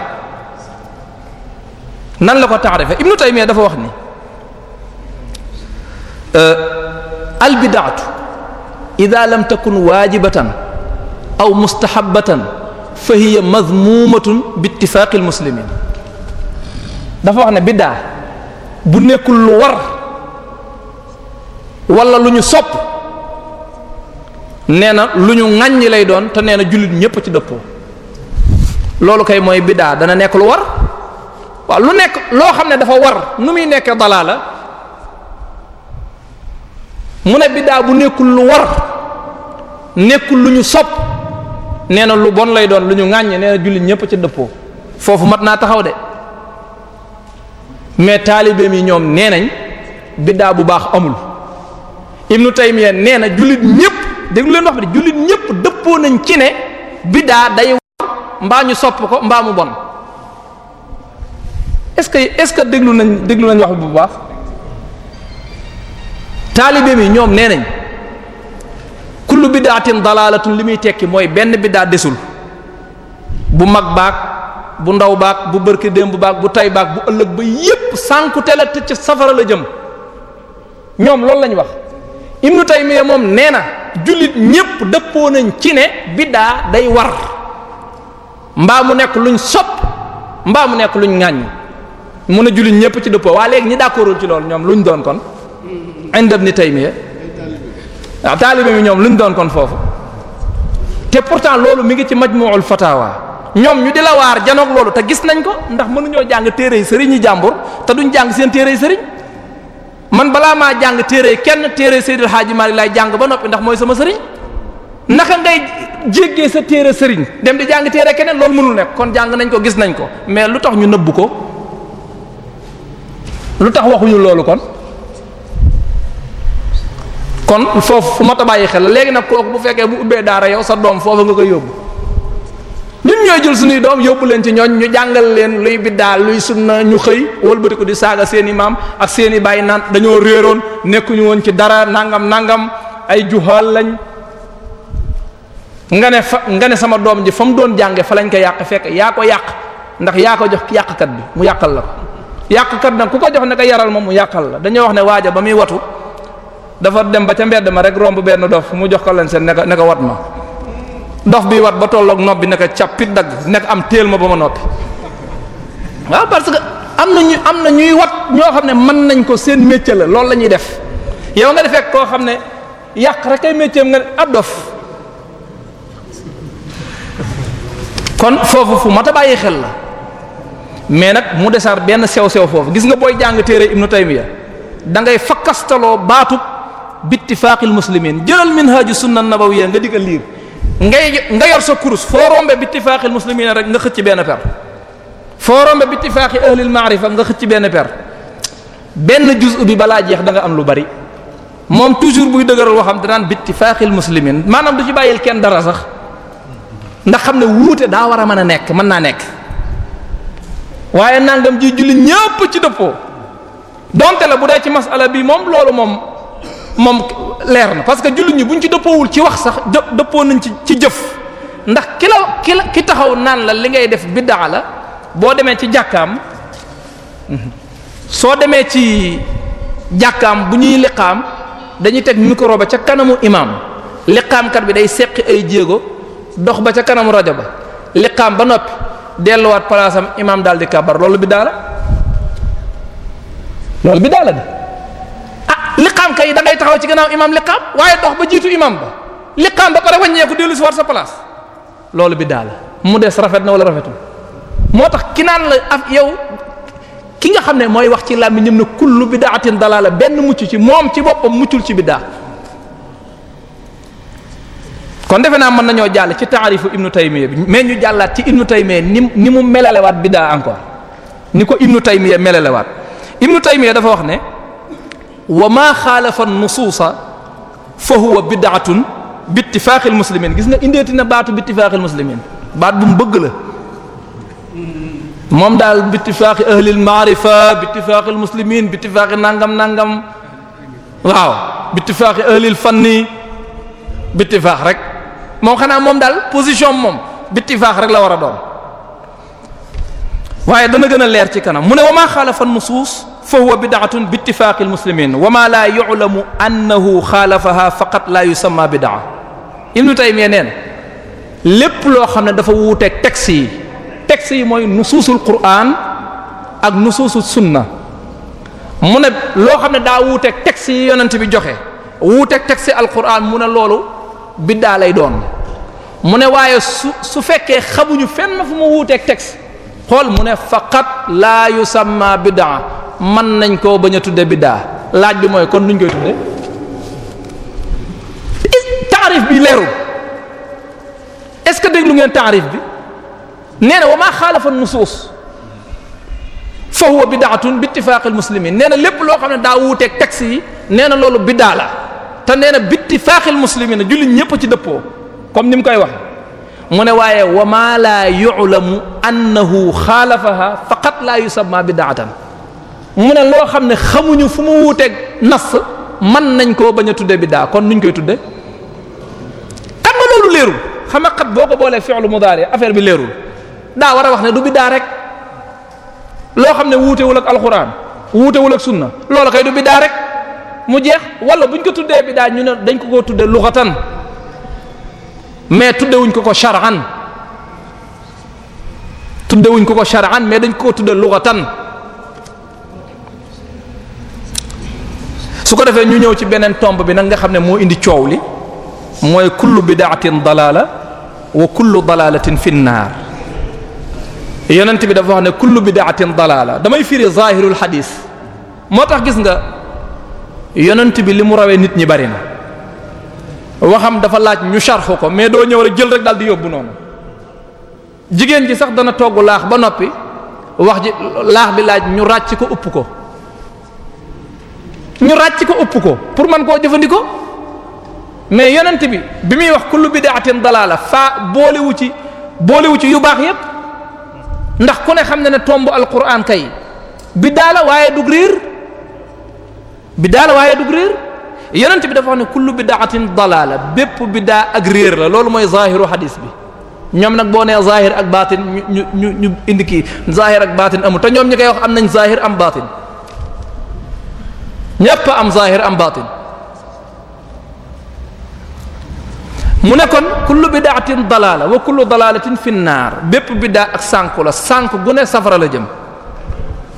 nan la ko taarife ibnu taymiya dafa wax ni euh, al bidaatu ida lam takun waajibatan aw mustahabatan fa hiya madmuumatun bi ittifaaqi al ne biddaa nekkul lu war wala lu ñu sopp nee na lu ñu ŋàññi lay doon te nee na jullit ñépp ci dëppoo loolu kay mooy biddaa dana nekk lu war waaw lu nekk loo xam ne dafa war nu muy nekk dalaa mu ne biddaa bu nekkul lu war nekkul lu ñu sopp nee na lu bon lay doon lu ñu ŋàññi nee na jullit ñépp ci dëppoo foofu mat naa taxaw de mais taalibeem yi ñoom nee nañ biddaa bu baax amul Ibnu Taymiyya nee na jullit ñépp déglu leen wax bi de jullit ñëpp dëppoo nañ ci ne biddaa day war mbaa ñu sopp ko mbaa mu bon est-ce que est-ce que déglu nañ déglu nañ wax bu baax taalibe mi ñoom nee nañ kullu bidaatin dalaalatun li muy tekki mooy benn biddaa desul bu mag baag bu ndaw baag bu bërki démb baag bu tay baag bu ëllëg ba yépp sànkute la te safara la jëm ñoom loolu lañ wax ibnu taymiya moom nee na jullit ñépp dëppoo nañ ci ne biddaa day war mbaa mu nekk luñ sopp mbaa mu nekk luñ ŋàññ mun a jullit ñépp ci dëppoo waa léegi ñi d'accordul ci loolu ñoom luñ doon kon ind ibnu taymiya waaw taalibe bi ñoom luñ doon kon foofu te pourtant loolu mu ngi ci majmu'ul fatawa ñoom ñu di la waar janoog loolu te gis nañ ko ndax mënuñoo jàng téere yi sëriñ yi jàmbur te duñ jàng seen téere sëriñ man balaa maa jàng téere kenn téere Seydil Hadji Malick laay jàng ba noppi ndax mooy sama sëriñ naka ngay jéggee sa téere sëriñ dem di jàng téere keneen loolu mënul nekk kon jàng nañ ko gis nañ ko mais lu tax ñu nëbbu ko lu tax waxuñu loolu kon. kon foofu fu ma ta xel xel léegi nag kooku bu fekkee bu ubbee daara yow sa doom foofu nga koy yóbbu. ñun ñooy jël suñuy doom yóbbu leen ci ñooñ ñu jàngal leen luy biddaal luy na ñu xëy wëlbati ko di saaga seen i maam ak seen i bàyyi naan dañoo réeroon nekkuñu woon ci dara nangam nangam ay juhaal lañ nga ne fa nga ne sama doom ji fa mu doon jànge fa lañ ko yàq fekk yaa ko yàq ndax yaa ko jox yàqkat bi mu yàqal la ko yàqkat nag ku ko jox ne ko yaral moom mu yàqal la dañoo wax ne waaja ba muy watu dafa dem ba ca mbedd ma rek romb benn dof mu jox ko leen seen ne ko ne ma dof bi wat ba tolloog nopp bi nekk càppit dagg nekk am téel ma ba ma noppi waaw parce que am na ñu am na ñuy wat ñoo xam ne mën nañ ko seen métier la loolu la ñuy def yow nga defee koo xam ne yàq rek ay métier nga ab ah, dof kon foofu fu mat a xel la mais nag mu desaar benn sew sew foofu gis nga booy jàng téere Ibnu Taymiya da ngay fakkastaloo baatub bittifaaqil muslimin jëlal minhaaju sunna nabawiyya nga digal liir ngay nga yor sa kurus foo rombe bi ittifaaxil muslimiina rek nga xëcc benn per foo rombe bi ittifaaxi ahlil maarifa nga xëcc benn per benn juz bi balaa jeex danga am lu bari moom toujours buy dëgëral waxam danaan bi ittifaaxil muslimiin maanaam du ci bàyyil kenn dara sax ndax xam ne wuute daa war a mën a nekk mën naa nekk waaye nangam ji julli ñépp ci dëppoo donte la bu dee ci masala bi moom loolu moom moom leer na parce que jullit ñi ñu ci dëppoowul ci wax sax dëppoo nañ ci ci jëf ndax kilo la ki la taxaw naan la li ngay def biddaa la boo demee ci jàkkaam mhm, soo demee ci jàkkaam bu ñuy liqaam dañuy teg micro ba ca kanamu imaam liqaamkat bi day seqi ay jéego dox ba ca kanamu rajo ba liqaam ba noppi delluwaat palaasam imaam daal di kabar loolu biddaa la loolu biddaa la de liqaam kay da ngay taxaw ci gannaaw imam liqaam waaye dox ba jiitu imam ba liqaam ba pare waññeeku dellu si war sa place loolu bi daal mu des rafet na wala rafetul moo tax ki naan la af yow ki nga xam ne mooy wax ci làmmiñam ne kullu bidaatin dalaala benn mucc ci moom ci boppam muccul ci biddaa kon defe naa mën nañoo jàll ci taarifu ibnu taymiya bi mais ñu jàllaat ci ibnu taymiya ni ni mu melalewaat biddaa encore ni ko ibnu taymiya melalewaat ibnu dafa wax ne wa maa xaalafa nusuusa fa huwa bid'atun bi ittifaaqil muslimin gis nga indeeti na baatu bi ittifaaqil muslimin baat bu mu bëgg la moom daal bi ittifaaqi ahlil maarifa bi ittifaaqil muslimin bi nangam nangam waaw bi ittifaaqi ahlil fanni bi rek moom xanaa moom daal position moom bi ittifaax rek la war a doon waaye dana gën a leer ci kanam mu ne wa maa xaalafa nusuus fa huwa bidaatun bi ittifaaqi almuslimin wa ma la yulamu annahu xaalafaha faqat la yusamma bidaa ibnu taymiya neen lépp loo xam ne dafa wuuteeg textes yi textes yi mooy nusuusul quraan ak nusuusul sunna mu ne loo xam ne daa wuuteeg textes yi yonent bi joxe wuuteeg textes al quraan mu ne loolu biddaa lay doon mu ne waaye su su fekkee xamuñu fenn fu mu wuuteeg texte xool mu ne faqat la yusamma bidaa man nañ koo bañ a tudde biddaa laaj bi mooy kon nuñ koy tudde taarif bi leerul est-ce que déglu ngeen taarif bi nee na wa maa xaalafa nusuus fa huwa bidaatun bi ittifaaqil muslimin nee na lépp loo xam ne daa wuuteeg texte yi nee na loolu biddaa la te nee na bi ittifaaqil muslimin jullit ñëpp ci dëppoo comme ni mu koy wax mu ne waaye wa maa laa yu'lamu annahu xaalafaha faqat laa mu ne loo xam ne xamuñu fu mu wuuteeg nas man nañ koo bañ a tudde biddaa kon nuñ koy tudde xam nga loolu leerul xam nga xat boo ko boolee fi'lu mudaari affaire bi leerul daa war a wax ne du biddaa rek loo xam ne wuutewul ak alxuraan wuutewul ak sunna loola kay du biddaa rek mu jeex wala buñ ko tuddee biddaa ñu ne dañ ko koo tudde luxatan mais tuddewuñ ko ko shar'an tuddewuñ ko ko shar'an mais dañ ko ko tudde luxatan su ko defee ñu ñëw ci beneen tomb bi nag nga xam ne moo indi coow li mooy kullu bidaatin dalaala wa kullu dalaalatin fi naar yonent bi dafa wax ne kullu bidaatin dalaala damay firi zaahirul xadiis moo tax gis nga yonent bi li mu rawee nit ñi bari na waxam dafa laaj ñu sharxu ko mais doo ñëw rek dal di yóbbu noonu jigéen ji sax dana togg laax ba noppi wax ji laax bi laaj ñu ràcc ko upp ko ñu ràcc ko upp ko pour man koo jëfandikoo mais yonent bi bi muy wax kullu bid'atin dalaala faa boolewu ci boolewu ci yu baax yépp ndax ko ne xam na ne tomb alquran kay biddaa la waaye dug riir biddaa la waaye dug riir yonent bi dafa wax ne kullu bid'atin dalaala bépp biddaa ak riir la loolu mooy zahiru hadis bi ñoom nag boo nee zahir ak baatin ñu ñu ñu indi kii zahir ak baatin amu te ñoom ñi koy wax am nañ zahir am baatin ñépp am zahir am batin mu ne kon kullu dalaala wa kullu dalaalatin fi naar bépp bidaa ak sànku la sànku gu safara la jëm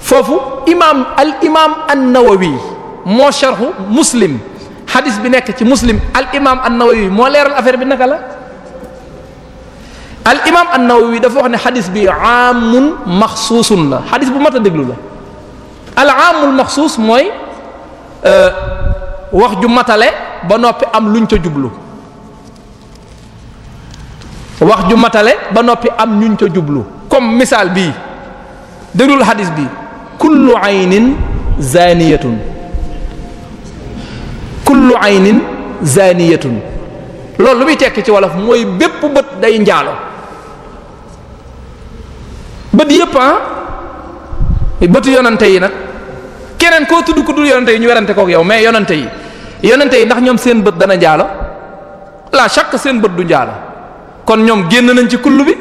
foofu imaam al imaam an-Nawawi moo sharxu muslim xadis bi nekk ci muslim al imaam moo leeral affaire bi naka la al imaam an-Nawawi dafa wax ne xadis bi aamun maxsuusun la xadis bu mat a la al aamul maxsuus mooy. Euh, wax ju matale ba noppi am luñ ca jublu wax ju matale ba noppi am ñuñ ca jublu comme misaal bii déglul xadis bi kullu aynin zaniyatun kullu aynin zaniyatun loolu lu muy tekki ci wolof mooy bépp bët day njaalo bët yëpp ah bëtu yonante yi nag keneen koo tudd ku dul yonente yi ñu werante kook yow mais yonente yi yonente yi ndax ñoom seen bët dana jaalo la chaque seen bët du jaalo kon ñoom génn nañ ci kullu bi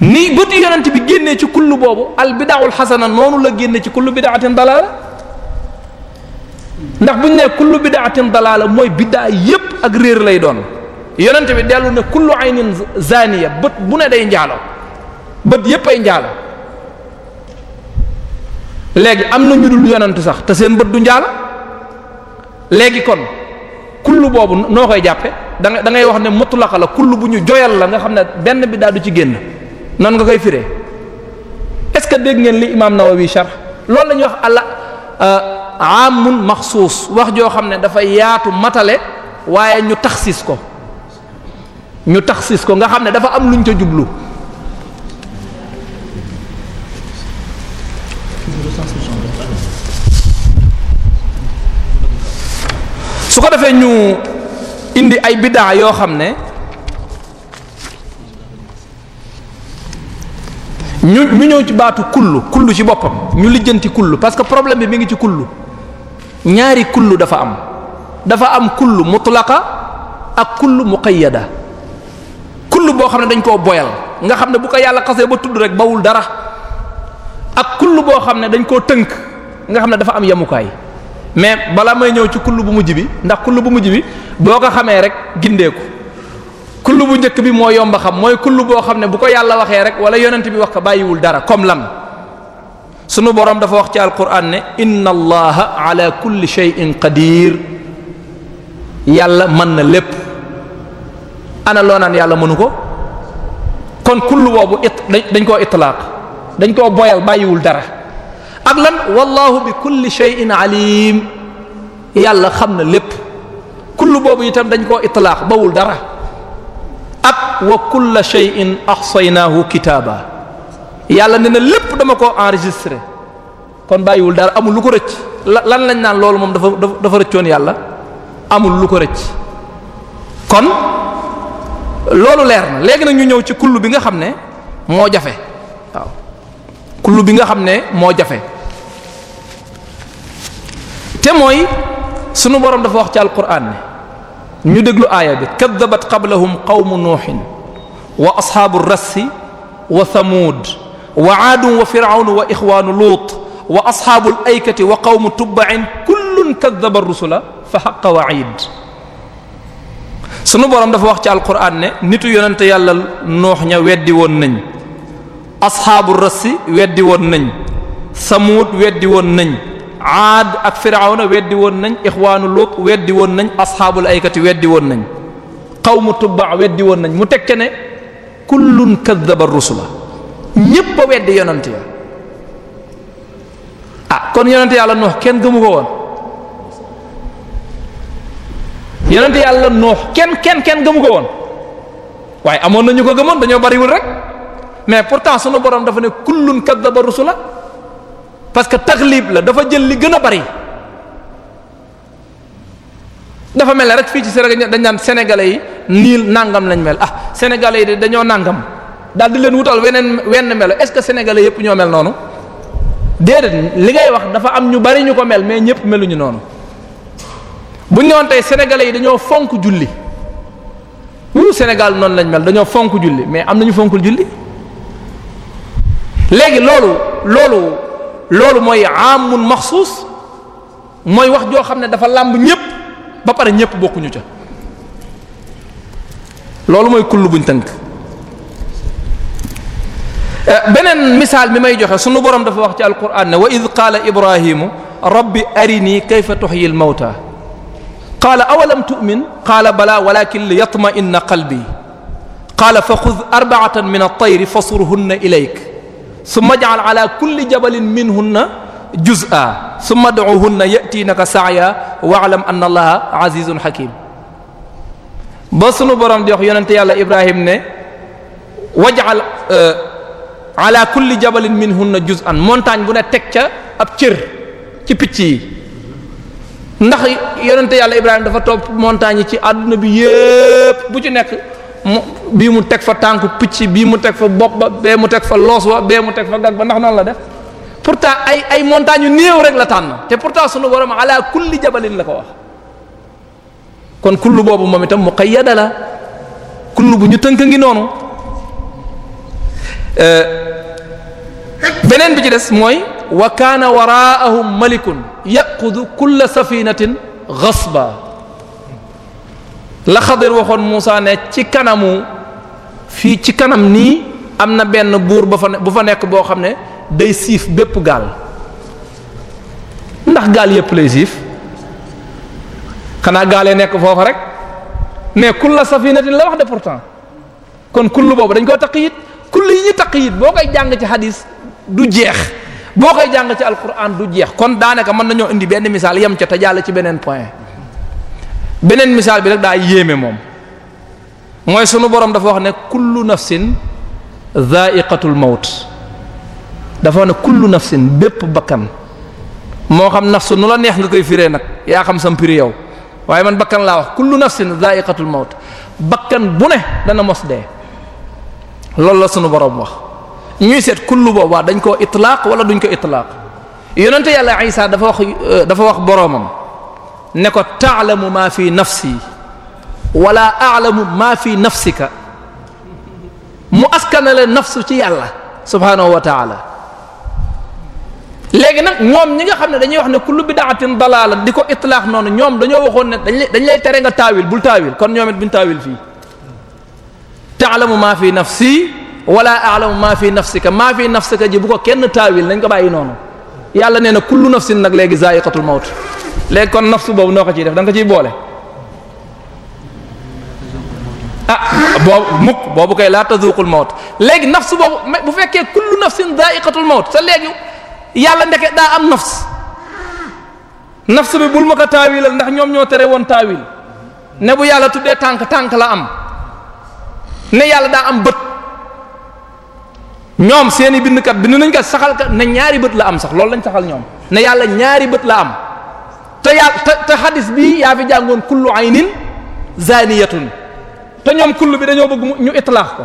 ni bët yonente bi génnee ci kullu boobu al bidaawul xasana noonu la génne ci bi kullu bidaatin dalaala ndax buñ bi kullu bidaatin dalaala mooy bidaa yépp ak réer lay doon yonente bi dellu ne kullu aynin zaniya bët bu ne day njaalo bët yépp ay njaalo léegi am na ñu dul yonent sax te seen bët du njaala léegi kon kullu boobu noo koy jàppe da nga da ngay wax ne mutlaqa la kullu bu ñu joyal la nga xam ne benn bi daal du ci génn nan nga koy fire est-ce que dégg ngeen li imaam Nawawi char loolu la ñuy wax àlla euh, amun maxsuus wax joo xam ne dafa yaatu matale waaye ñu taxsis ko ñu taxsis ko nga xam ne dafa am luñ ca jublu su ko defee ñu indi ay biddaa yoo xam ne ñu ñu ñëw ci baatu kullu kullu ci boppam ñu lijjanti kullu parce que problème bi mi ngi ci kullu ñaari kullu dafa am dafa am kullu mutlaqa ak kullu muqayyada kullu boo xam ne dañ koo boyal nga xam ne bu ko yàlla xasee ba tudd rek bawul dara ak kullu boo xam ne dañ koo tënk nga xam ne dafa am yamukaay mais balaa may ñëw ci kull bu mujj bi ndax kull bu mujj bi boo ko xamee rek gindeeku kull bu njëkk bi moo yomb xam mooy kull boo xam ne bu ko yàlla waxee rek wala yonent bi wax ko bàyyiwul dara comme lan sunu borom dafa wax ci alquran ne inna allaha ala kulli shay'in qadir yàlla mën na lépp ana loo yàlla mënu ko kon kull boobu it dañ koo itlaaq dañ koo boyal bàyyiwul dara ak lan wallahu bi kulli shay'in alim yàlla xam na lépp kullu boobu itam dañ koo itlaax bawul dara ak wa kulla shay'in ahsaynaahu kitaaba yàlla ne na lépp dama koo enregistré kon bàyyiwul dara amul lu ko rëcc lan lañ naan loolu moom dafa dafa rëccoon yàlla amul lu ko rëcc kon loolu leer na léegi nag ñu ñëw ci kullu bi nga xam ne moo jafe waaw bi nga xam ne moo jafe te mooy sunu borom dafa wax ci alquran ne ñu déglu aaya bi kaddabat qablahum qawmu nuuhin wa ashaabu rassi wa thamuud wa aadun wa firaawnu wa ixwaanu luut wa asxaabul aykati wa qawmu tubba'in kullun kaddaba rusula fa xaqa wa'iid sunu borom dafa wax ci alquran ne nitu yonente yàlla noox ña weddi woon nañ asxaabu rassi weddi woon nañ samuud weddi woon nañ aad ak firawna weddi woon nañ ixwaanu luut weddi woon nañ asxaabul aykati weddi woon nañ qawmu tubba weddi woon nañ mu teg tekke ne kullun kaddaba rusula ñépp a weddi yonent ya ah kon yonent yàlla noox kenn gëmu ko woon yonent yàlla noox kenn kenn kenn gëmu ko woon waaye amoon nañu ko gëmoon dañoo bariwul rek mais pourtant sunu borom dafa ne kullun kaddaba rusula parce que taxlib la dafa jël li gën a bari dafa mel ne rek fii ci Sénégal dañ naan sénégalais yi nii nangam lañ mel ah sénégalais yi dañoo nangam daal di leen wutal weneen wenn melo est-ce que sénégalais yëpp ñoo mel noonu déedéet li ngay wax dafa am ñu bari ñu ko mel mais ñëpp meluñu noonu bu ñu tey sénégalais yi dañoo fonk julli wu Sénégal noonu lañ mel dañoo fonk julli mais am nañu fonkul julli léegi loolu loolu. loolu mooy amun maxsuus mooy wax joo xam ne dafa làmb ñépp ba pare ñépp bokkuñu ca loolu mooy kull buñ tënk eh, beneen misaal mi may joxe sunu borom dafa wax ci alquran ne wa id qaala ibrahimu rabbi arinii kayfa tuhyi al mawta qaala awalam tu'min qaala bala walakin li yatma'inna qalbi qaala fa xud arba'atan min at-tayri fasurhunna ilayk summa jaal ala kulli jabalin minhunna juz'a summa du'uhunna ya'tinaka sa'ya wa'lam anna allaha azizun hakim ba sunu borom di wax yonente yàlla ibrahim ne waj'al euh, ala kulli jabalin minhunna juz'an montagne bu ne teg ca ab cër ci picc yi ndax yonente yàlla ibrahim dafa topp montagne yi ci àdduna bi yépp bu ci nekk mu bii mu teg fa tànk picc bii mu teg fa bopp ba bee mu teg fa loos wa bee mu teg fa gag ba ndax noonu la def pourtant ay ay montagnes yu néew rek la tànn te pourtant sunu borom ala kulli jabalin la ko wax kon kullu boobu moom itam muqayyada la kullu bu ñu tënk ngi noonu euh, beneen bi ci des mooy wa kaana waraahum malikun yaqudu kulla safinatin ghasba la Xadir waxoon Muusa ne ci kanamu fii ci kanam nii am na benn buur ba fa bu fa nekk boo xam ne day siif bépp gaal ndax gaal yépp lay siif xanaa gaal yi nekk foofu rek mais kulla safinatin la wax de pourtant kon kullu boobu dañ koy taqyid kullu yi ñu taqyid boo koy jàng ci hadis du jeex boo koy jàng ci alquran du jeex kon daanaka mën nañoo indi benn misaal yem ca te jàll ci beneen point beneen misaal bi rek daa yéeme moom mooy sunu borom dafa wax ne kullu nafsin dha'iqatul maut dafa wax ne kullu nafsin bépp bakkan moo xam nafsu nu la neex nga koy firee nag yaa xam sam piri yow waaye man bakkan laa wax kullu nafsin dha'iqatul maut bakkan bu ne dana mos de loolu la sunu borom wax ñuy seet boobu boobaa dañ koo itlaaq wala duñ ko itlaaq yonente yàlla Isa dafa wax dafa wax boroomam ne ko taalamu maa fi nafsi wala aalamu maa fi nafsika mu askanale nafsu ci yàlla subhaanahu wa léegi nag moom ñi nga xam ne dañuy wax ne kullu bid'atin dalaala di ko itlaax noonu ñoom dañoo waxoon ne dañ dañ lay tere nga taawil bul taawil kon ñoom bi buñ taawil fii taalamu maa fi nafsi wala aalamu maa fi nafsika maa fi nafsika ji bu ko kenn taawil nañ ko bàyyi noonu yàlla nee na kullu nafsin nag léegi zaayiqatul mawt léegi kon nafsu boobu noo ko ciy def da nga ko ciy boole ah boobu mukk boobu kay laa tazuqul mawt léegi nafsu boobu bu fekkee kullu nafsin dha'iqatul mawt te léegi yàlla ndeke daa am nafs nafs bi bul ma ko taawilal ndax ñoom ñoo tere woon taawil ne bu yàlla tuddee tànk tànk la am ne yàlla daa am bët ñoom seeni bi bind nañ ko saxal ka ne ñaari bët la am sax loolu lañ saxal ñoom ne yàlla ñaari bët la am te yaa te te xadis bii yaa fi jàngoon kullu aynin zaniyatun te ñoom kullu bi dañoo bëgg ñu itlaax ko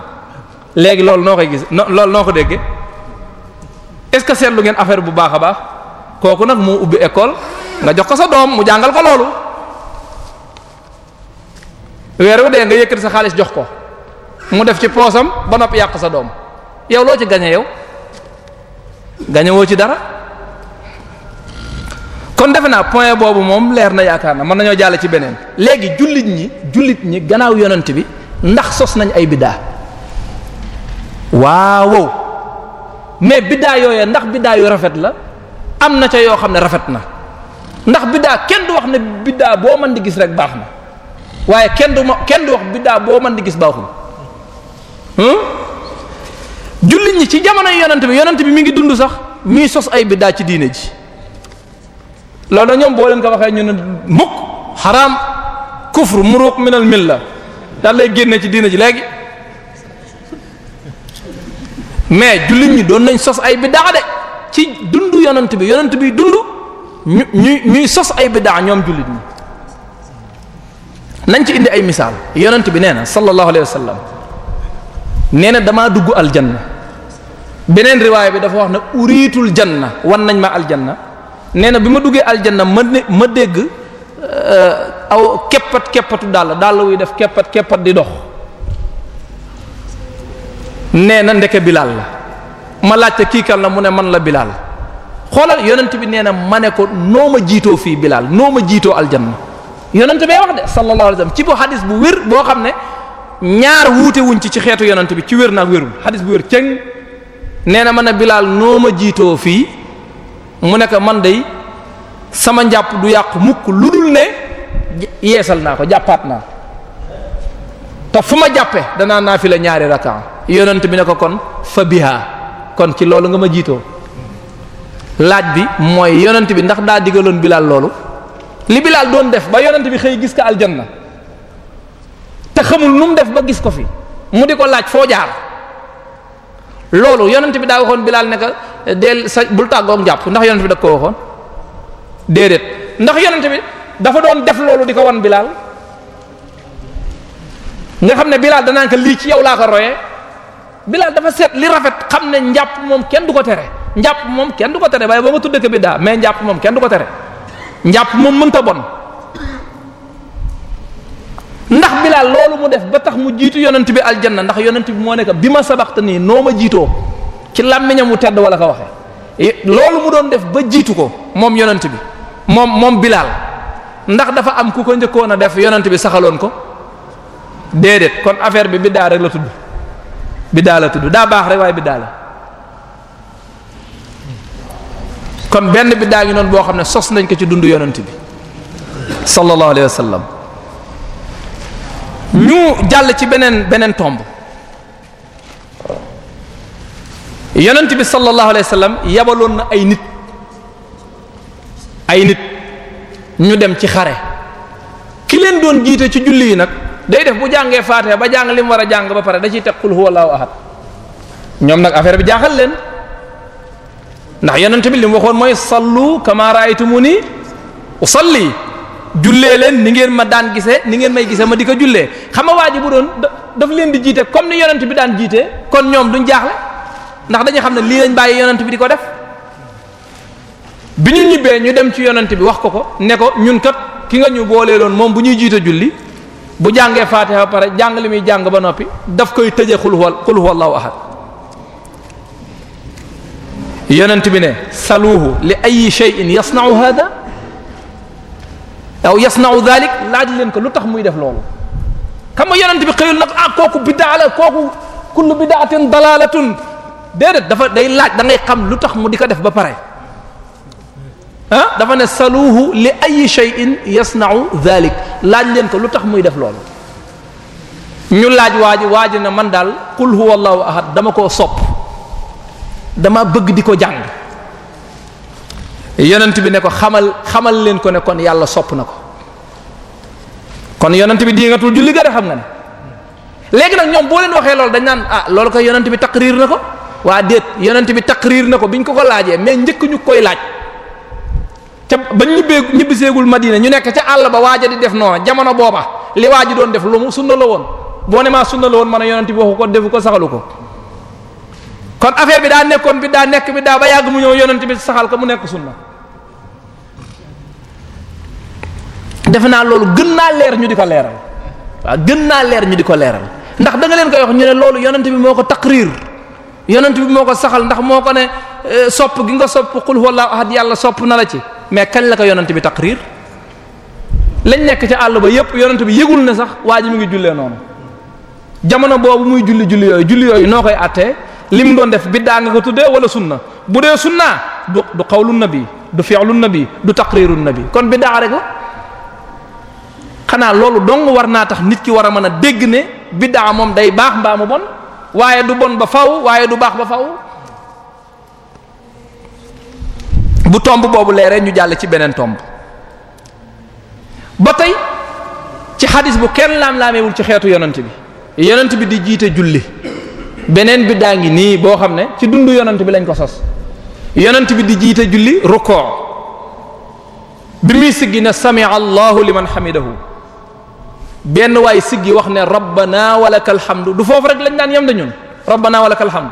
léegi loolu noo koy gis loolu noo ko déggee est-ce que seetlu ngeen affaire bu baax a baax kooku nag moo ubbi école nga jox ko sa doom mu jàngal ko loolu weer wu dee nga yëkkati sa xaalis jox ko mu def ci poosam ba noppi yàq sa doom yow loo ci gañe yow gañewoo ci dara. kon defe naa point boobu moom leer na yaakaar na mën nañoo jàll ci beneen léegi jullit ñi jullit ñi gannaaw yonent bi ndax sos nañu ay biddaa waaw mais biddaa yooyee ndax biddaa yu rafet la am na ca yoo xam ne rafet na ndax biddaa kenn du wax ne biddaa boo mën di gis rek baax na waaye kenn du ma kenn du wax biddaa boo mën di gis baaxul hmm? jullit ñi ci jamonoy yonent bi yonent bi mi ngi dund sax ñuy sos ay biddaa ci diine ji loolu nag ñoom boo leen ko waxee ñu ne mukk xaraam kufr muruq min al milla daal lay génne ci diina ji léegi mais jullit ñi doon nañ sos ay biddaa de ci dundu yonent bi yonent bi dund ñu ñuy sos ay biddaa ñoom jullit ñi nañ ci indi ay misaal yonent bi nee na sallallahu alayhi wa sallam nee na damaa dugg aljanna beneen riwaay bi dafa wax ne uriitul janna wan nañ ma aljanna nee na bi ma duggee aljanna ma ne ma dégg euh, aw keppat keppatu dàll dàll wuy def keppat keppat di dox nee na ndeke bilaal la ma laajte kii kan la mu ne man la bilaal xoolal yonent bi nee na ma ne ko noo ma jiitoo fii bilaal noo ma jiitoo aljanna yonent bee wax de sallallahu alayhi ci bu xadis bu wér boo xam ne ñaar wuute wuñ ci ci xeetu yonent bi ci wér naak wérul xadis bu wér cëng nee na ma ne bilaal noo ma jiitoo fii mu ne man dey sama njàpp du yàqu mukk lu dul ne yeesal naa ko jàppaat naa te fu ma jàppe danaa naa fi la ñaari rakka yonent bi ne ko kon fa biha kon ci loolu nga ma jiitoo laaj bi mooy yonent bi ndax daa digaloon bilaal loolu li bilaal doon def ba yonent bi xëy gis ko aljanna te xamul nu mu def ba gis ko fi mu di ko laaj foo jaar loolu yonent bi daa waxoon bilaal ne del sa bul tàggoog jàpp ndax yonent bi da ko ndax yonent bi dafa doon def loolu di ko wan bilaal nga xam ne bilaal danaan ko lii ci yow laa ko royee bilaal dafa seet li rafet xam ne njàpp moom kenn du ko tere njàpp moom kenn du ko tere waaye boo nga tuddee ko biddaa mais njàpp moom kenn ko tere njàpp moom mënta bon ndax bilaal loolu mu def ba tax mu jiitu yonent bi aljanna ndax yonent bi moo nekk bi ma sabaxta nii noo ma jiitoo ci làmmiñam wu tedd walla ko waxee loolu mu doon def ba jiitu ko moom yonent bi moom moom bilaal ndax dafa am ku ko njëkkoon a def yonent bi saxaloon ko déedéet kon affaire bi biddaa rek la tudd biddaa la tudd daa baax rek waaye biddaa la kon benn biddaa ngi noon boo xam ne sos nañ ko ci dund yonent bi sallallahu alayhi wa sallam ñu jàll ci beneen beneen tomb yonent bi sallallahu alayhi wasallam yabaloon na ay nit ay nit ñu dem ci xare ki leen doon jiite ci julli yi nag day def bu jàngee faatee ba jàng li war a jàng ba pare da ciy teg qul huwallahu ahad ñoom nag affaire bi jaaxal leen ndax yonent bi li mu waxoon mooy sallu kama ra'aytumuni usalli jullee leen ni ngeen ma daan gisee ni ngeen may gisee ma di ko jullee xam nga waa ji bu doon daf leen di jiite comme ni yonent bi daan jiite kon ñoom duñ jaaxle. ndax dañu xam ne lii lañ bàyyi yonent bi di ko def bi ñu ñibbee ñu dem ci yonant bi wax ko ko ne ko ñun kat ki nga ñu booleeloon moom bu ñuy jiite julli bu jàngee faatiha ba pare jàng li muy jàng ba noppi daf koy tëje xul wal xul wallahu ahad yonent bi ne saluuhu li ayi shay'in yasna'u hada aw yasna'u dhalik laaj leen ko lu tax muy def loolu xam nga yonent bi xëyul nag ah kooku biddaa la kooku kullu bid'atin dalalatun déedéet dafa day laaj da xam lu tax mu di ko def ba pare dafa ne saluuhu li ay shay'in yasna'u dhalik laaj leen ko lu tax muy def loolu ñu laaj waaju ji waa ne man daal qul huwa allahu ahad dama ko sopp dama bëgg di ko jàng yonent bi ne ko xamal xamal leen ko ne kon yàlla sopp na ko kon yonent bi dingatul julli gën a xam nga ne léegi nag ñoom boo leen waxee loolu dañ naan ah loolu ko yonent bi taqrir na ko waa déet yonent bi taqriir na ko biñ ko ko laajee mais njëkk ñu koy laaj ca bañ ñibbee ñibbiseegul Madina ñu nekk ca àll ba waaja di def noonu jamono booba li waa ji doon def lu mu sunna la woon boo ne maa sunna la woon man a yonent bi waxu ko ko saxalu ko kon affaire bi daa nekkoon bi daa nekk bi daa ba yàgg mu ñëw yonent bi saxal ko mu nekk sunna defe naa loolu gën naa leer ñu di ko leeral waaw gën naa leer ñu di ko leeral ndax da leen ko wax ñu ne loolu yonent bi moo ko taqriir yonent bi moo ko saxal ndax moo ko ne eh, sopp gi nga sopp qul huwallahu ahad yàlla sopp na la ci mais kañ la ko yonent bi taqrir lañ nekk ci àll ba yépp yonent bi yégul ne sax waa ji mu ngi jullee noonu jamono boobu muy julli julli yooyu noo koy attee lim doon def biddaa nga ko tuddee wala sunna bu dee sunnaa du xaw lu na nabi du lu na nabi du na nabi kon biddaa rek la xanaa loolu dong war naa tax nit ki war a mën a dégg ne biddaa moom day baax mbaa mu waaye du bon ba faw waaye du baax ba faw bu tomb boobu leeree ñu jàll ci beneen tomb ba tey ci xadis bu kenn laam-laameewul ci xeetu yonent bi yonent bi di jiite julli beneen bi daa ngi nii boo xam ne ci dund yonent bi lañ ko sos yonent bi di jiite julli rukkoo bi muy siggi na sami allahu liman xamidahu benn waay siggi wax ne rabbana walakal hamdu du foofu rek lañ daan yem dañun rabbana walakal hamdu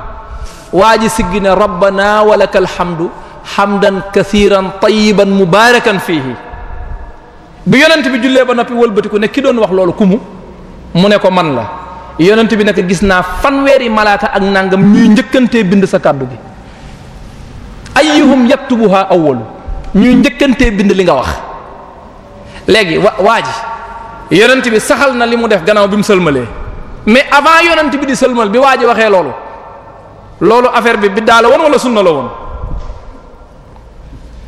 waa ji siggi ne rabbana walakal hamdu hamdan kathiran tayyiban mubarakan fihi bu yonent bi jullee ba noppi wëlbatiku ne ki doon wax loolu kumu mu ne ko man la yonent bi nag gis naa fanweeri malaata ak nangam ñuy njëkkantee bind sa kàddu gi ayyuhum yaktubuha awwalu ñuy njëkkantee bind li nga wax léegi wa waa ji yonent bi saxal na li mu def gannaaw bi mu sëlmalee mais avant yonent bi di sëlmal bi waa ji waxee loolu loolu affaire bi biddaa la woon wala sunna la woon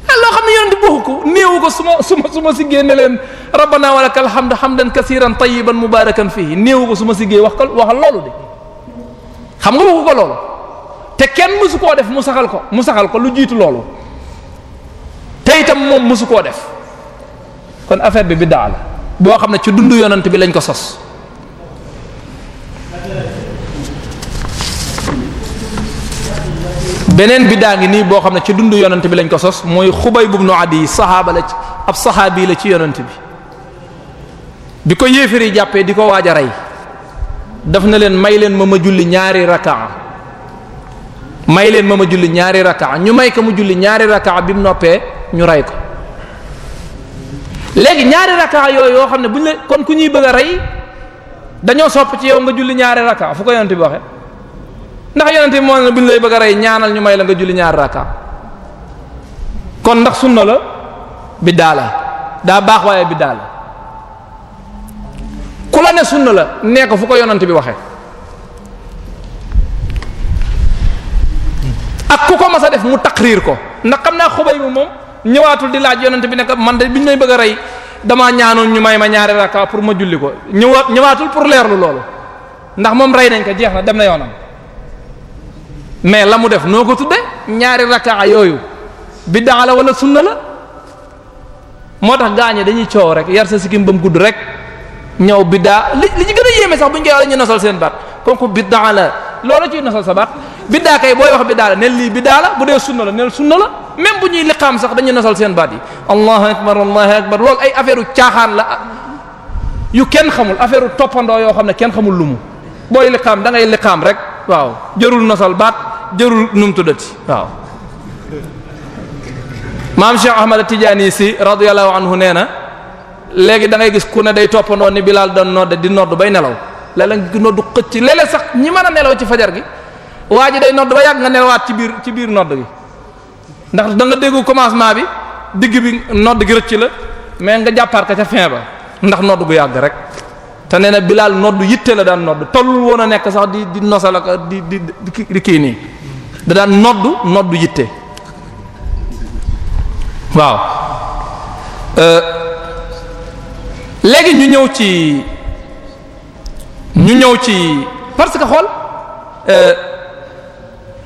ah xam ne yonent bi waxu ko néewu ko su ma su ma su ma si génne leen rabbana walakal hamdu hamdan kasiran tayyiban mubarakan fihi néewu ko su ma si gée wax ko waxal loolu xam nga waxu ko te kenn mësu koo def mu saxal ko mu saxal ko lu jiitu loolu te itam moom mësu koo def kon affaire bi biddaa la boo xam ne ci dundu yonent bi lañ ko sos beneen biddaa ngi nii boo xam ne ci dundu yonent bi lañ ko sos mooy Xubayb ibn Adi saxaaba la ci ab saxaabi la ci yonent bi bi ko yéefar yi jàppee di ko waaj a rey daf na leen may leen ma ma julli ñaari rakaa may leen ma ma julli ñaari rakaa ñu may ko mu julli ñaari rakaa bi mu noppee ñu rey ko léegi ñaari rakka yooyu yoo xam ne bu ñu la kon ku ñuy bëgg a rey dañoo sopp ci yow nga julli ñaari rakka fu ko yonent bi waxee ndax yonent bi moo ne bu ñu lay bëgg a rey ñaanal ñu may la nga julli ñaari rakka kon ndax sunna la biddaa la daa baax waaye biddaa la ku la ne sunna la nee ko fu ko yonent bi waxee ak ku ko mas a def mu taqriir ko ndax xam naa xubay bi moom. ñëwaatul di laaj yonent bi ne ko man de ñu may bëgg a rey damaa ñaanoon ñu may ma ñaari rakka pour ma julli ko ñëwaat ñëwaatul pour leerlu loolu ndax moom rey nañ ko jeex na dem na yoonam mais la mu def noo ko tudde ñaari rakka yooyu biddaa la wala sunna la moo tax gaañe dañuy coow rek yar sa sikkim ba mu gudd rek ñëw biddaa li li ci gën a yéeme sax buñ koy wax ñu nosal seen baat kooku biddaa la loolu ciy nosal sa baat. biddaa kay booy wax biddaa la ne lii biddaa la bu dee sunna la neel sunna la même bu ñuy liqaam sax dañuy nosal seen baat yi allahu akbar allahu akbar loolu ay affaire u caaxaan la yu kenn xamul affaire toppandoo yoo xam ne kenn xamul lu mu booy liqaam dangay ngay liqaam rek waaw jërul nosal baat jërul num tuddati waaw maam Cheikh Ahmad Tidiane si radiyallahu anhu nee na léegi da ngay gis ku ne day toppandoo ni Bilaal doon nodd di nodd bay nelaw léeg-léeg sax ñi mën a nelaw ci fajar gi waa ji dey nodd ba yàgg nga nelawaat ci biir ci biir nodd gi ndax da nga déggu commencement bi digg bi nodd gi rëcc la mais nga jàppaat ka ca fin ba ndax nodd bu yàgg rek te nee na Bilaal nodd yitte la daan nodd tollul woon a nekk sax di di nosal ak di di di kii nii da daan nodd nodd yitte waaw euh, léegi ñu ñëw ci ñu ñëw ci parce que xool euh,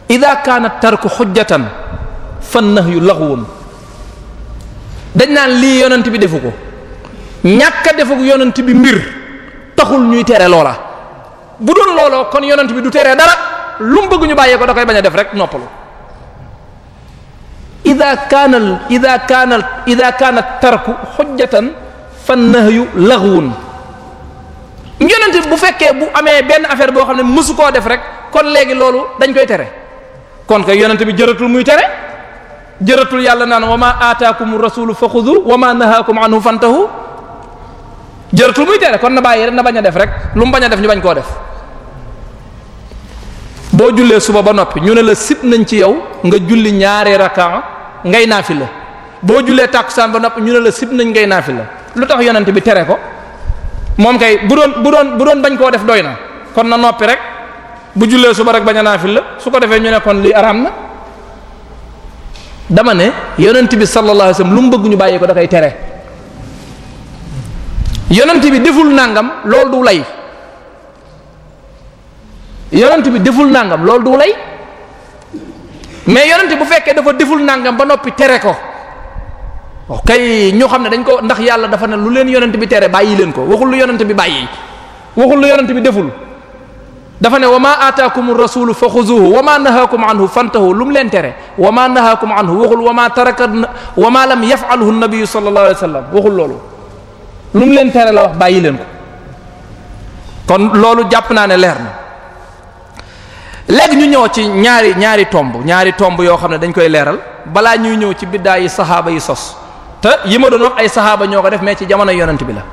ida kaana tarku xujjatan fan nax yu laxwoon dañ naan lii yonent bi defu ko ñàkk a defuk yonent bi mbir taxul ñuy tere loola bu doon looloo kon yonent bi du teree dara lu mu bëgg ñu bàyyee ko da koy bañ a def rek noppalu ida kaana ida kaana ida kaana tarku xujjatan fan nax yu laxwoon yonent bu fekkee bu amee benn affaire boo xam ne mësu koo def rek kon léegi loolu dañ koy tere kon kay yonent bi jëratul muy tere jëratul yàlla naan wa ma aataakum rasulu fa xudu wa ma nahaakum anhu fantahu jëratul muy tere kon na bàyyi rek na bañ a def rek lu mu bañ a def ñu bañ koo def boo jullee suba ba noppi ñu ne la sib nañ ci yow nga julli ñaari rakaa ngay naafila boo jullee tàkkusaan ba noppi ñu ne la sib nañ ngay naafila lu tax yonent bi tere ko moom kay bu doon bu doon bu doon bañ koo def doy na kon na noppi rek bu jullee suba rek bañ a naafil la su ko defee ñu ne kon lii araam na dama ne yonent bi sallallahu alayhi wasallam lu bàyyi ko da tere yonent bi deful nangam loolu du lay bi deful nangam loolu du lay mais bu fekkee dafa deful nangam ba noppi tere ko kay ñoo xam ne dañ ko ndax yàlla dafa ne lu leen yonent bi tere bàyyi leen ko waxul lu yonent bi bàyyi waxul lu yonent bi deful dafa ne wa maa aataakum rasulu fa xuzuhu wa maa nahaakum anhu fantahu lu mu leen tere wa maa nahaakum anhu waxul wa maa taraka wa maa lam yafalhu nabiyu sallallahu alayhi wa sallam waxul loolu lu mu leen tere la wax bàyyi leen ko kon loolu jàpp naa ne leer na léegi ñu ñëw ci ñaari ñaari tomb ñaari tomb yoo xam ne dañ koy leeral balaa ñuy ñëw ci biddaa yi saxaaba yi sos te yi ma doon wax ay saxaaba ñoo ko def mais ci jamono yonent bi la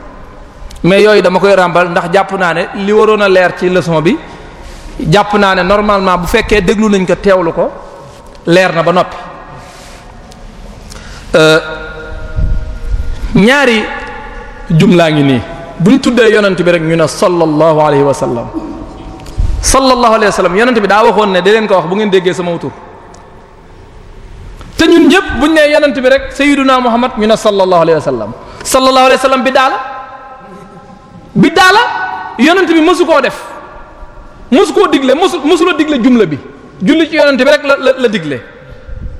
mais yooyu dama koy ràmbal ndax jàpp naa ne li waroon a leer ci leçon bi jàpp naa ne normalement bu fekkee déglu nañ ko teewlu ko leer na ba noppi euh, ñaari jumlaa ngi nii buñ tuddee yonent bi rek ñu ne sallallahu alayhi wa sallam sallallahu alayhi wa sallam yonent bi daa waxoon ne da ko wax bu ngeen déggee sama wutur te ñun ñëpp buñ nee yonent bi rek sayyiduna muhammad ñu ne sallallahu alayhi wa sallam sallallahu alayhi bi daala bi daala yonent bi mësu koo def mosu koo digle mosu mosula digle jumla bi julli ci yonente bi rek la la digle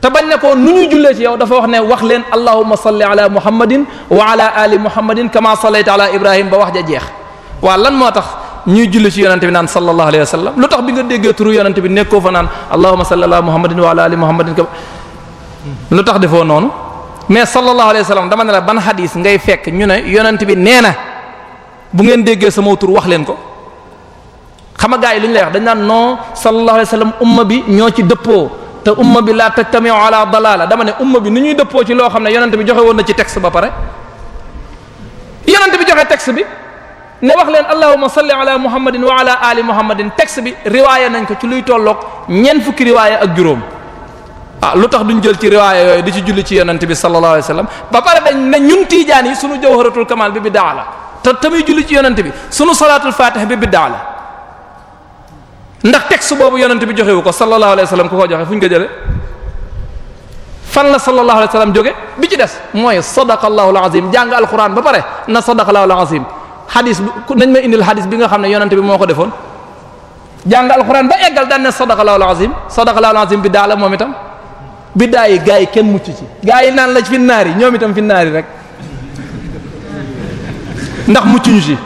te bañ ne ko nu ñuy jullee ci yow dafa wax ne wax leen allahumma salli ala muhammadin wa ala ali muhammadin kama sallayta ala ibrahim ba wax ja jeex waa lan moo tax ñuy julli ci yonente bi naan sallallahu alayhi wa sallam lu tax bi nga déggee turu yonente bi nekkoo fa naan allahumma salli ala muhammadin wa ala ali muhammadin kama lu tax defoo noonu mais sallallahu alayhi wa sallam dama ne la ban xadis ngay fekk ñu ne yonente bi nee na bu ngeen déggee sama tur wax leen ko xam nga gars yi lu ñu lay dañ naan non sallallahu alayhi wasallam umma bi ñoo ci dëppoo te umma bi laa la tajtamiu ala dalala dama ne umma bi ni ñuy dëppoo ci loo xam ne yonent bi joxe woon na ci texte ba pare yonent bi joxe texte bi ne wax leen allahumma salli ala muhammadin wa ala ali muhammadin texte bi riwaaya nañ ko ci luy tollook ñeent fukki riwaaya ak juróom ah lu tax duñ jël ci riwaaya yooyu di ci julli ci yonent bi sallallahu alayhi wasallam ba pare dañ ne ñun tiijaan yi sunu jawharatul kamal bi bid'a te tamit julli ci yonent bi sunu salatul fatih bi bid'a ndax texte boobu yonent bi joxewu ko sallallahu alayhi wasallam ku ko joxe fu ñu ko jële fan la sallallahu alayhi wasallam jóge bi ci des mooy sadaqallahu alazim jàng alquran ba pare na sadaqallahu alazim xadis nañ ma indil xadis bi nga xam ne yonent bi moo ko defoon jàng alquran ba eggal daan ne sadaqallahu alazim sadaqallahu alazim bi daa la moom itam biddaa yi gaa yi kenn mucc ci gaa yi naan la fi naari ñoom itam fi naari rek ndax mucc ñu ci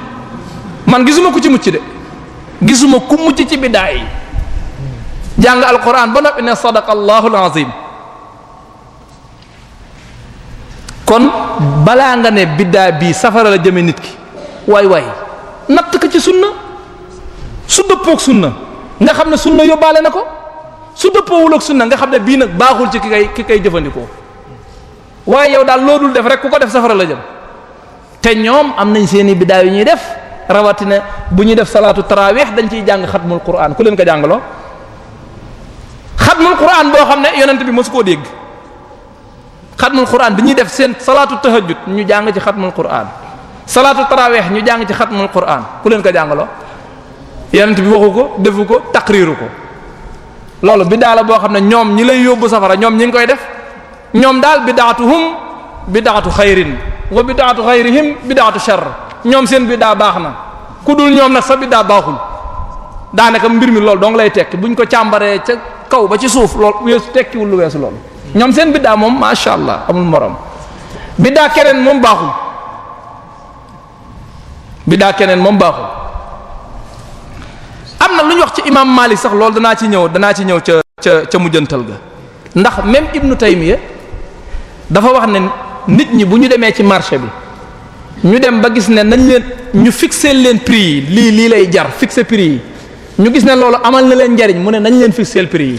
man gisuma ku ci mucc de gisuma ku mucc ci biddaa yi jàng alquran ba noppi ne sadaqallahu alazim kon balaa nga ne biddaa bii safara la jëme nit ki waay waay natt ko ci sunna su dëppook sunna nga xam ne sunna yóbbaale na ko su dëppoowul ak sunna nga xam ne bii nag baaxul ci ki kay ki kay jëfandikoo waaye yow daal loolul def rek ku ko def safara la jëm te ñoom am nañ seeni biddaa yi ñuy def rawatina bu ñu def salaatu taraweex dañ ciy jàng xatmul quran ku leen ko jàngaloo xatmul quran boo xam ne yonent bi mosu koo dégg xatmul quran bi ñuy def seen salaatu tahajjud ñu jàng ci xatmul quran salaatu taraweex ñu jàng ci xatmul quran ku leen ko jàngaloo yonent bi waxu ko defu ko taqriiru ko loolu biddaa la boo xam ne ñoom ñi lay yóbbu safara ñoom ñi ngi koy def ñoom daal bidaatuhum bidaatu xayrin wa bidaatu xayrihim bidaatu shar ñoom seen biddaa baax na ku dul ñoom nag sa biddaa baaxul daanaka mbir mi loolu dong lay tekki buñ ko càmbaree ca kaw ba ci suuf loolu weesu tekkiwul lu weesu loolu ñoom seen biddaa moom macha allah amul moroom biddaa keneen moom baaxul biddaa keneen moom baaxul am na lu ñu wax ci imam Malik sax loolu danaa ci ñëw danaa ci ñëw ca ca ca mujjantal ga ndax même Ibnu Taymiya dafa wax ne nit ñi bu ñu demee ci marché bi ñu dem ba gis ne nañ leen ñu fixer leen prix yi lii lii lay jar fixer prix yi ñu gis ne loolu amal na leen njariñ mu ne nañ leen fixer prix yi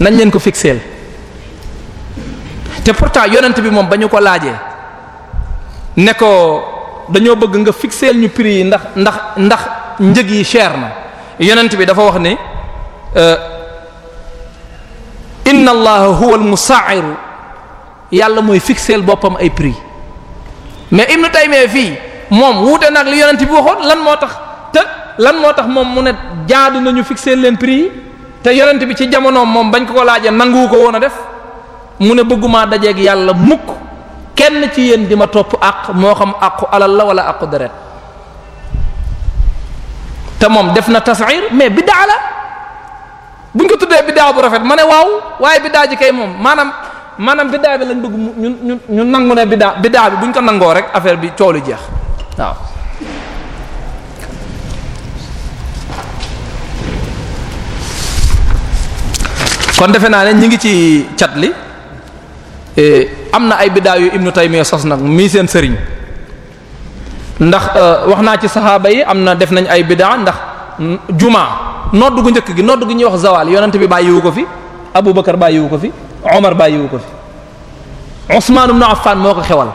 nañ leen ko fixer te pourtant yonent bi moom ba ñu ko laajee ne ko dañoo bëgg nga fixer ñu prix yi ndax ndax ndax njëg yi cher na yonent bi dafa wax ne euh, inna allaha huwa al musa'ir yàlla mooy fixer boppam ay prix mais ibnu Taymiyya fii moom wuute nag li yonent bi waxoon lan moo tax te lan moo tax moom mu ne jaadu nañu fixer leen prix yi te yonent bi ci jamonoom moom bañ ko ko laajee nanguwu ko woon a def mu ne bëgguma dajeeg yàlla mukk kenn ci yéen di ma topp àq moo xam àqu alal la wala àqu deret te moom def na tasir mais biddaa la buñ ko tuddee biddaa bu rafet ma ne waaw waaye biddaa ji kay moom maanaam maanaam biddaa bi lañ bëgg ñu ñu ñu nangu ne biddaa biddaa bi buñ ko nangoo rek affaire bi coow lu jeex waaw. kon defe naa ne ñu ngi ci cat li e, am na ay biddaa yu Ibnu Taymiyya sos nag mii seen sëriñ ndax e, wax naa ci saxaaba yi am na def nañ ay biddaa ndax juma nodd gu njëkk gi nodd gu ñuy wax zawal yonante bi bàyyiwu ko fi Abubakar bàyyiwu ko fi. Omar bàyyiwu ko fi Ousmane ibn Affan moo ko xewal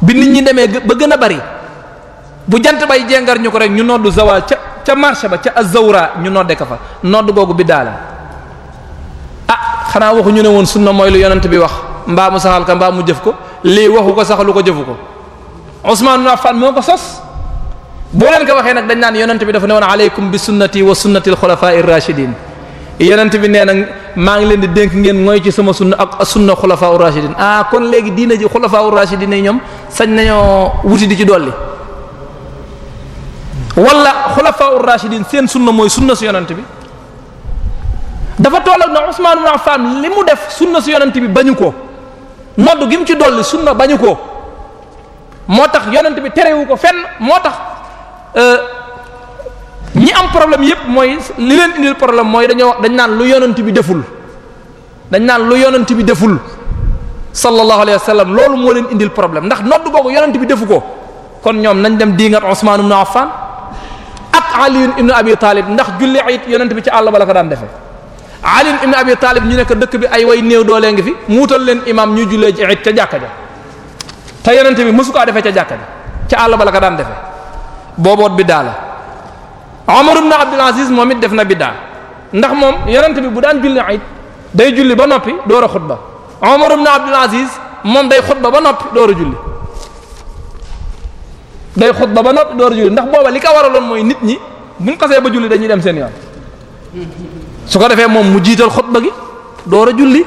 bi nit ñi demee ba gën a bari bu jant bay jengar ñu ko rek ñu noddu zawal ca ca marché ba ca azawra ñu nodde ko fa nodd googu bi daala ah xanaa waxu ñu ne woon sunna mooy lu yonent bi wax mbaamu mu saxal ka mbaa mu jëf ko lii waxu ko saxalu ko jëfu ko Ousmane ibn Affan moo ko sos boo leen ko waxee nag dañ naan yonent bi dafa ne woon aleykum bi sunnati wa sunnati al-khulafa'ir rashidin yonent bi nee na maa ngi leen di dénk ngeen mooy ci sama sunna ak sunna xulafaa ur rashidin ah kon léegi diina ji xulafaa ur rashidin yi ñoom sañ nañoo wuti di ci dolli wala xulafaa ur rashidin seen sunna mooy sunna si yonent bi dafa tolloog na Usmaan ibn Affan li mu def sunna su yonent bi bañu ko nodd gi mu ci dolli sunna bañu ko moo tax yonent bi terewu ko fenn moo tax euh, ñi am problème yépp mooy li leen indil problème mooy dañoo dañ naan lu yonent bi deful dañ naan lu yonent bi deful sallallahu alayhi wa sallam loolu moo leen indil problème ndax nodd googu yonent bi defu ko kon ñoom nañ dem diingat Usman ibn Affan ak Ali ibn Abi Talib ndax julli it yonent bi ci àll ba la ko daan defee Ali ibn Abi Talib ñu nekk dëkk bi ay way néew doolee ngi fi mu leen imam ñu jullee ci it ca jàkka ja te yonent bi mësu ko defee ca jàkka ja àll ba la ko daan defee booboot bi daala Omar ibn Abdul Aziz moom it def na biddaa ndax moom yonent bi bu daan julli ay day julli ba noppi door a xutba Omar ibn Abdul Aziz moom day xutba ba noppi door a julli day xutba ba noppi door julli ndax booba li ko waraloon mooy nit ñi buñ xasee ba julli dañuy dem seen yoon su ko defee moom mu jiital xutba gi door a julli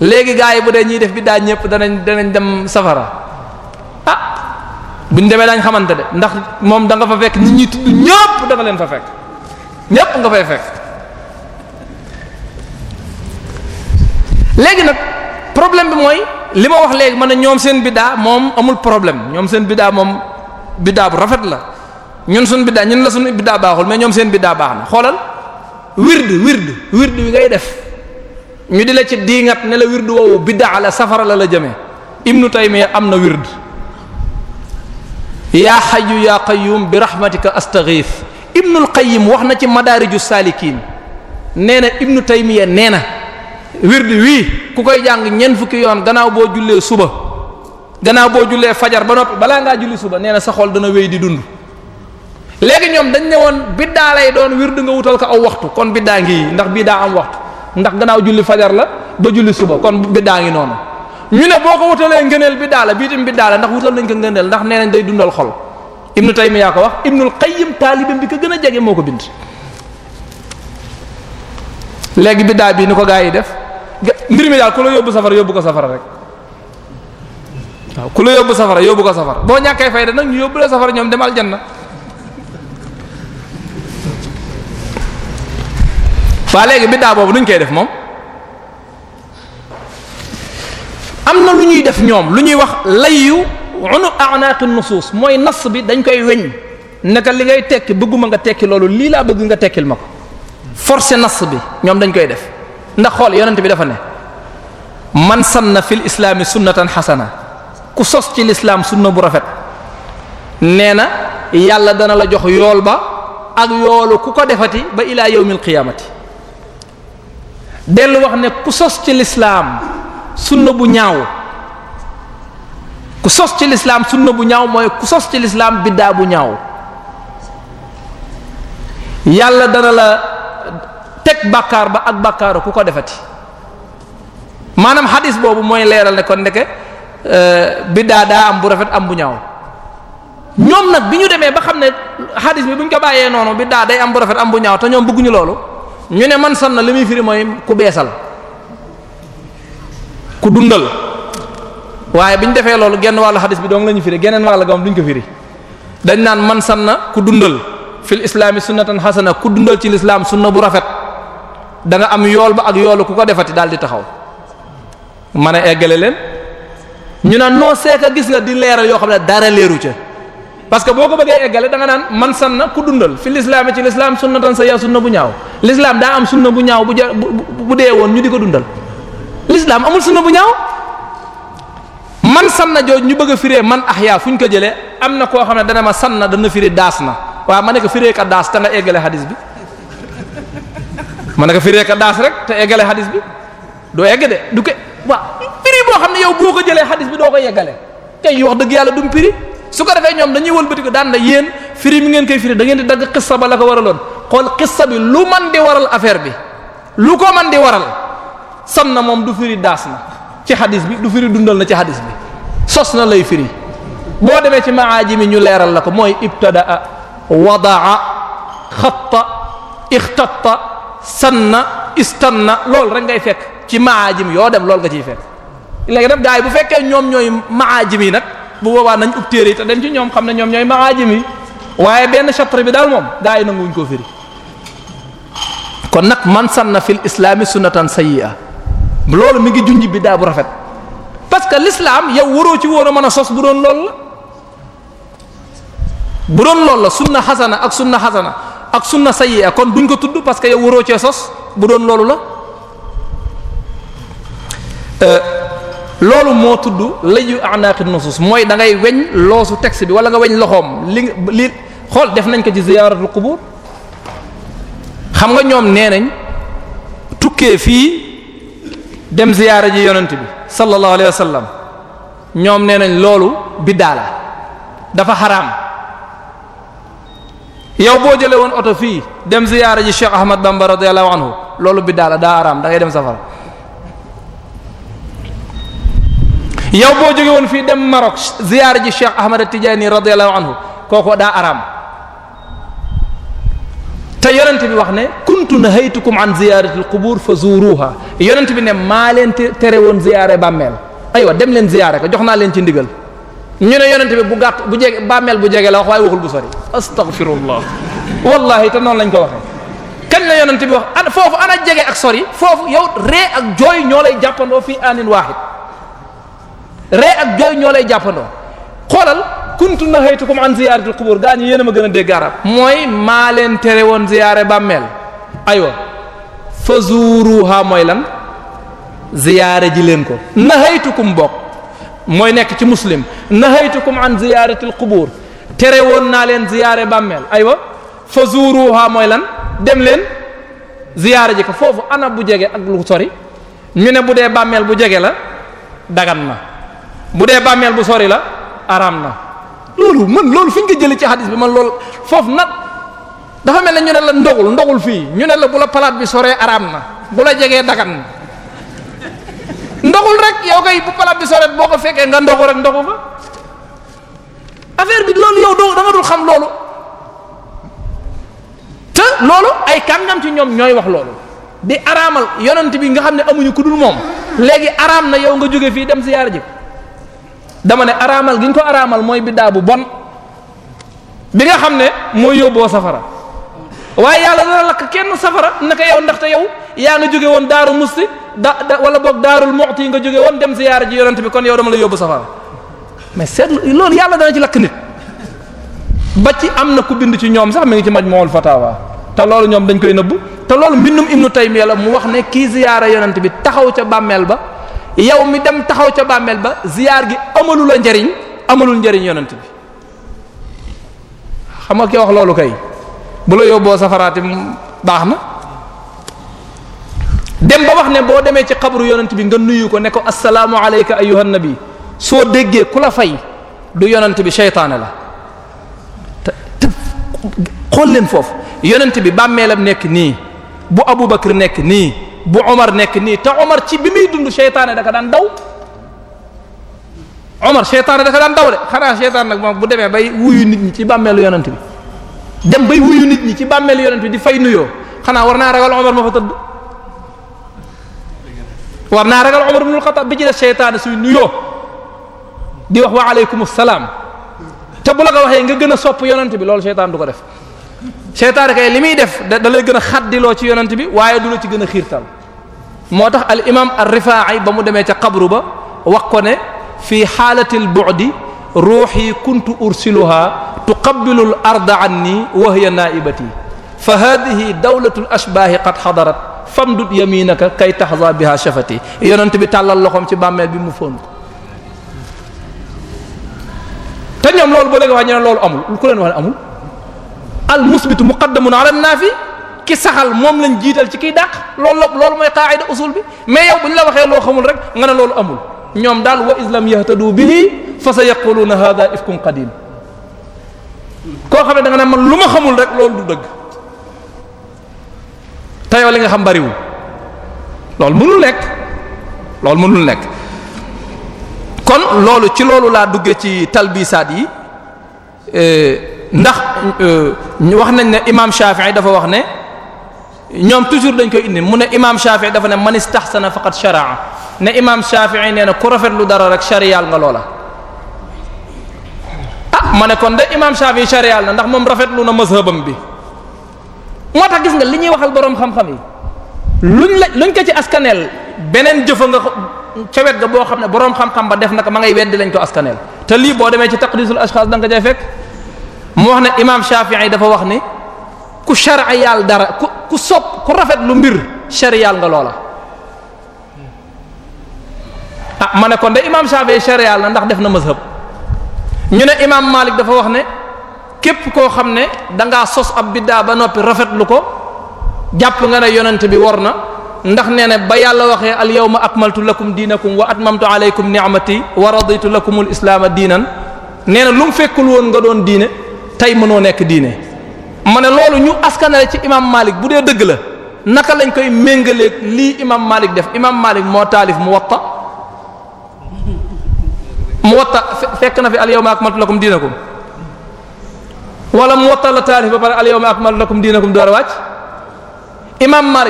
léegi gaa yi bu dee ñuy def biddaa ñëpp danañ danañ dem safara buñ demee daañ xamante de ndax moom danga nga fa fekk nit ñi tudd ñëpp da leen fa fekk ñëpp nga fay fekk léegi nag problème bi mooy li ma wax léegi ma ne ñoom seen biddaa moom amul problème ñoom seen biddaa moom biddaa bu rafet la ñun suñ biddaa ñun la suñ biddaa baaxul mais ñoom seen biddaa baax na xoolal wird wird wird wi ngay def ñu di la ci diingat ne la wird woowu biddaa la safara la la jëmee Ibnu Taymiyya am na wird yaa xayu yaa qayum bi rahmatika astaghith ibnul qayyim wax na ci madaariju saalikiin nee na ibnu taymiya nee na wirdi wii ku koy jàng ñeent fukki yoon gannaaw boo jullee suba gannaaw boo jullee fajar ba noppi balaa ngaa julli suba nee na sa xol dana wéy di dund léegi ñoom dañ ne woon biddaa lay doon wirdu nga wutal ko aw waxtu kon biddaa ngi ndax bii daa am waxtu ndax gannaaw julli fajar la ba julli suba kon biddaa ngi noonu ñu ne boo ko wutalee ngëneel bi daala bii tam bi daala ndax wutal nañ ko ngëneel ndax nee nañ day dundal xol ibnu taymiya yaa ko wax ibnul qayyim taalibam bi ko gën a jege moo ko bind léegi biddaa ni ko gaa yi def mbir mi daal ku la yóbbu safara yóbbu ko safara rek waaw ku la yóbbu safara yóbbu ko safara boo ñàkkee fayda nag ñu yóbbu la safara ñoom demal janna waa léegi biddaa boobu nuñ koy def moom am na lu ñuy def ñoom lu ñuy wax layyu unu anaatu nusuus mooy nas bi dañ koy weñ naka li ngay tekki bëgguma nga tekki loolu lii laa bëgg nga tekkil ma ko forcé nas bi ñoom dañ koy def ndax xool yonent bi dafa ne man na fil islaami sunnatan xasana ku sos ci lislaam sunna bu rafet nee na yàlla dana la jox yool ba ak yoolu ku ko defati ba ilaa yawmil qiyaamati dellu wax ne ku sos ci lislaam sunna bu ñaaw ku sos ci lislaam sunna bu ñaaw mooy ku sos ci lislaam biddaa bu ñaaw yàlla dana la teg bàkkaar ba ak bàkkaaru ku ko defati maanaam xadis boobu mooy leeral ne kon ndeke euh, biddaa daa am bu rafet am bu ñaaw ñoom nag bi ñu demee ba xam ne xadis bi bu ñu ko bàyyee noonu biddaa day am bu rafet am bu ñaaw te ñoom bëgguñu loolu ñu ne man san na li muy firi mooy ku beesal ku dundal waaye bi ñu defee loolu genn wàllu xadis bi dong la ñu firi geneen wàll gawam duñ ko firi dañ naan man na ku dundal fil islaami sunnatan xasana ku dundal ci lislaam sunna bu rafet da am yool ba ak yoolu ku ko defati daal di taxaw mën a eggale leen ñu naan non seeka gis nga di leeral yoo xam ne dara leeru ca parce que boo ko bëggee eggale da nga naan man sanna ku dundal fi lislaam ci lislaam sunnatan sa ya sunna bu ñaaw lislaam daa am sunna bu ñaaw bu ja bu dee woon ñu di ko dundal l'islam amul sunna bu ñaaw man sanna jooj ñu bëgg a firee man ahya fu ñu ko jëlee am na koo xam ne dana ma sanna dana firi daas na waaw ma ne ko firee ka daas te nga eggale xadis bi ma daas rek te eggale xadis bi doo egg de du ko waaw firi boo xam ne yow boo ko jëlee xadis bi doo ko yeggale tey wax dëgg yàlla dum firi su ko defee ñoom dañuy wëlbati ko daan na yéen firi mi ngeen koy firi da di dagg xissa ba la ko waraloon xool xissa bi lu man di waral affaire bi lu ko man di waral. sam na moom du firi daas na ci xadis bi du firi dundal na ci xadis bi sos na lay firi boo demee ci ma mi ñu leeral la ko mooy ibtadaa wadaa xatta ixtatta sanna istanna loolu rek ngay fekk ci ma maajim yoo dem loolu nga ciy fekk léegi nag gars bu fekkee ñoom ñooy maajim yi nag bu boobaa nañ ub yi te dem ci ñoom xam ne ñoom ñooy maajim yi waaye benn chatre bi daal moom gars yi nanguwuñ koo firi kon nag man sanna fi islaami sunnatan sayyi'a loolu mi ngi junj biddaa bu rafet parce que l'islam yow waroo ci woon a mën a sos bu doon lool la bu doon lool la sunna xasana ak sunna xasana ak sunna sayyi'a kon duñ ko tudd parce que waroo cee sos bu doon loolu la euh, loolu moo tudd layu anaaqi nusus mooy da ngay weñ loosu texte bi wala nga weñ loxoom li li xool def nañ ko ci ziyaaratul qubur xam nga ñoom nee nañ tukkee fii dem ziyaara ji yonent bi sallallahu alayhi wasallam ñoom nee nañ loolu biddaa dafa xaraam yow boo jëlee woon oto fii dem ziyaara ji Cheikh Ahmad Bamba radiyallahu anhu loolu biddaa la daa xaraam da dem safara yow boo jóge woon fii dem Maroc ziyaara ji Cheikh Ahmad Tidiane radiyallahu anhu kooku daa xaraam te yonent bi wax ne kuntu nahaytukum an ziyaratil qubur fa zuruha yonent bi ne maa leen tere woon ziyaare bàmmeel aywa dem leen ziyaare jox naa leen ci ndigal ñu ne yonent bi bu gàtt bu jege bàmmeel bu jege la wax waaye waxul bu sori astaghfirullah wallahi te noonu lañ ko waxee kañ la yonent bi wax an foofu ana jege ak sori foofu yow ree ak jooy ñoo lay jàppandoo fii anin waahid ree ak jooy ñoo lay jàppandoo kuntu nahaytukum an ziyaratil qubur gaa a gën a dégg arab mooy maa leen tere woon ziyaare bàmmeel aywa fazuruha mooy lan ziyaare ji leen ko nahaytukum bokk mooy nekk ci muslim nahaytukum an ziyaratil qubur tere woon naa leen ziyaare bàmmeel aywa fazuruha mooy lan dem leen ziyaare ji ko foofu ana bu jege ak lu sori ñu ne bu dee bàmmeel bu jege la dagan na bu dee bàmmeel bu sori la araam na loolu man loolu fiñ ñu ko jëlee ci hadis bi man loolu foofu nag dafa mel na ñu ne la ndogul ndogul fii ñu ne la bu la palaat bi soree araam na bu la jegee dagan na ndogul rek yow kay bu palaat bi soree boo ko fekkee nga ndogu rek ndogu fa affaire bi loolu yow doo da dul xam loolu te loolu ay kàngam ci ñoom ñooy wax loolu di araamal yonent bi nga xam ne amuñu ku dul moom léegi araam na yow nga jóge fii dem ziyaar ji dama ne araamal gi ñu ko araamal mooy biddaa bu bon bi nga xam ne mooy yóbboo safara waaye yàlla dana lakk kenn safara naka yow ndaxte yow yaa nga jóge woon daaru musti da wala boog daarul muxti nga jóge woon dem ziyaara ji yonent bi kon yow dama la yóbbu safara mais seet loolu yàlla dana ci lakk nit ba ci am na ku bind ci ñoom sax mi ngi ci majmuul fatawa te loolu ñoom dañ koy nëbb te loolu mbindum ibnu taymiya la mu wax ne kii ziyaara yonent taxaw ca bàmmeel ba yow mi dem taxaw ca bàmmeel ba ziyaar gi amalu njariñ amalul njariñ yonant bi xam nga ki wax loolu kay bu la yóbboo safaraati baax na dem ba wax ne boo demee ci xabru yonent bi nga nuyu ko ne ko assalaamu alayka ayyuhan bi soo déggee ku la fay du yonant bi seytaane la te xool leen foofu yonant bi bàmmeelam nekk nii bu Abubakar nekk nii bu Omar nekk nii te Omar ci bi muy dund seytaane da daan daw Omar seytaane da ka daan daw de xanaa seytaane nag moom bu demee bay wuyu nit ñi ci bàmmeelu yonent bi dem bay wuyu nit ñi ci bàmmeelu yonent bi di fay nuyoo xanaa war naa ragal Omar ma fa tëdd war naa ragal Omar ibn bi ci def seytaane suy nuyoo di wa aleykum salaam te bu la ko waxee nga gën a sopp yonent bi loolu seytaane du ko def. seytaane kay li muy def da lay gën a xaddiloo ci yonent bi waaye du ci gën a xiirtal moo tax al imam ar-Rifaa'i ba mu demee ca qabru ba wax ko ne fii xaalatil bu'di ruuxi kuntu ursiluha tuqabbilu al arda anni wa hiya naa'ibati fa hadhihi dawlatu al ashbaahi qad hadarat famdud yaminaka kay tahza biha shafati yonent bi tàllal loxoom ci bàmmeel bi mu fóon ko te ñoom loolu ba léegi wax ñu ne loolu amul al musbitu muqaddamun ala naafi ki saxal moom lañ jiital ci kiy dàq loolu loolu mooy qaa'ida usul bi mais yow bu ñu la waxee loo xamul rek nga ne loolu amul ñoom daal wa islam yahtadu bihi fa sa yaquluna hada ifkun koo xam ne da nga ne man lu ma xamul rek loolu du dëgg te yow li nga xam bariwul loolu mënul nekk loolu mënul nekk kon loolu ci loolu laa duggee ci talbisaat yi eh, ndax euh, wax nañ ne imaam Shafi'i dafa wax ne ñoom toujours dañ koy indi mu ne imaam Shafi'i dafa ne man istahsana faqad shara'a ne imaam Shafi'i nee na ku rafetlu dara rek shariyaal nga loola. ah ma ne kon de imaam Shafi'i shariyaal na ndax moom rafet rafetlu na mazhabam bi moo tax gis nga li ñuy waxal boroom xam-xam yi luñ la luñ ko ci askaneel beneen jëfa nga ca wet boo xam ne boroom xam-xam ba def na ko ma ngay weddi lañ ko askaneel te lii boo demee ci taqdisul ashxaas da nga ko cay mu wax ne imaam Shafi'i dafa wax ni ku shar'iyal dara ku ku sopp ku rafet lu mbir shar'iyal nga loola. ah ma ne kon de imaam Shafi'i shar'iyal na ndax def na mazhab ñu ne imaam Malik dafa wax ne képp koo xam ne da sos ab biddaa ba noppi rafetlu ko jàpp nga ne yonent bi war na. ndax nee na ba yàlla waxee al yawma akmaltu lakum diinakum wa atmamtu alaykum ni'mati wa raditu lakumul islaama diinan nee na lu mu fekkul woon nga doon diine tey mënoo nekk diine ma ne loolu ñu askanale ci imam Malik bu dee dëgg la naka lañ koy méngaleeg lii imam Malik def imam Malik moo taalif Muwatta Muwatta fekk na fi al-yawma akmaltu lakum diinakum wala Muwatta la taalif ba pare al-yawma akmaltu lakum diinakum door a wàcc imam war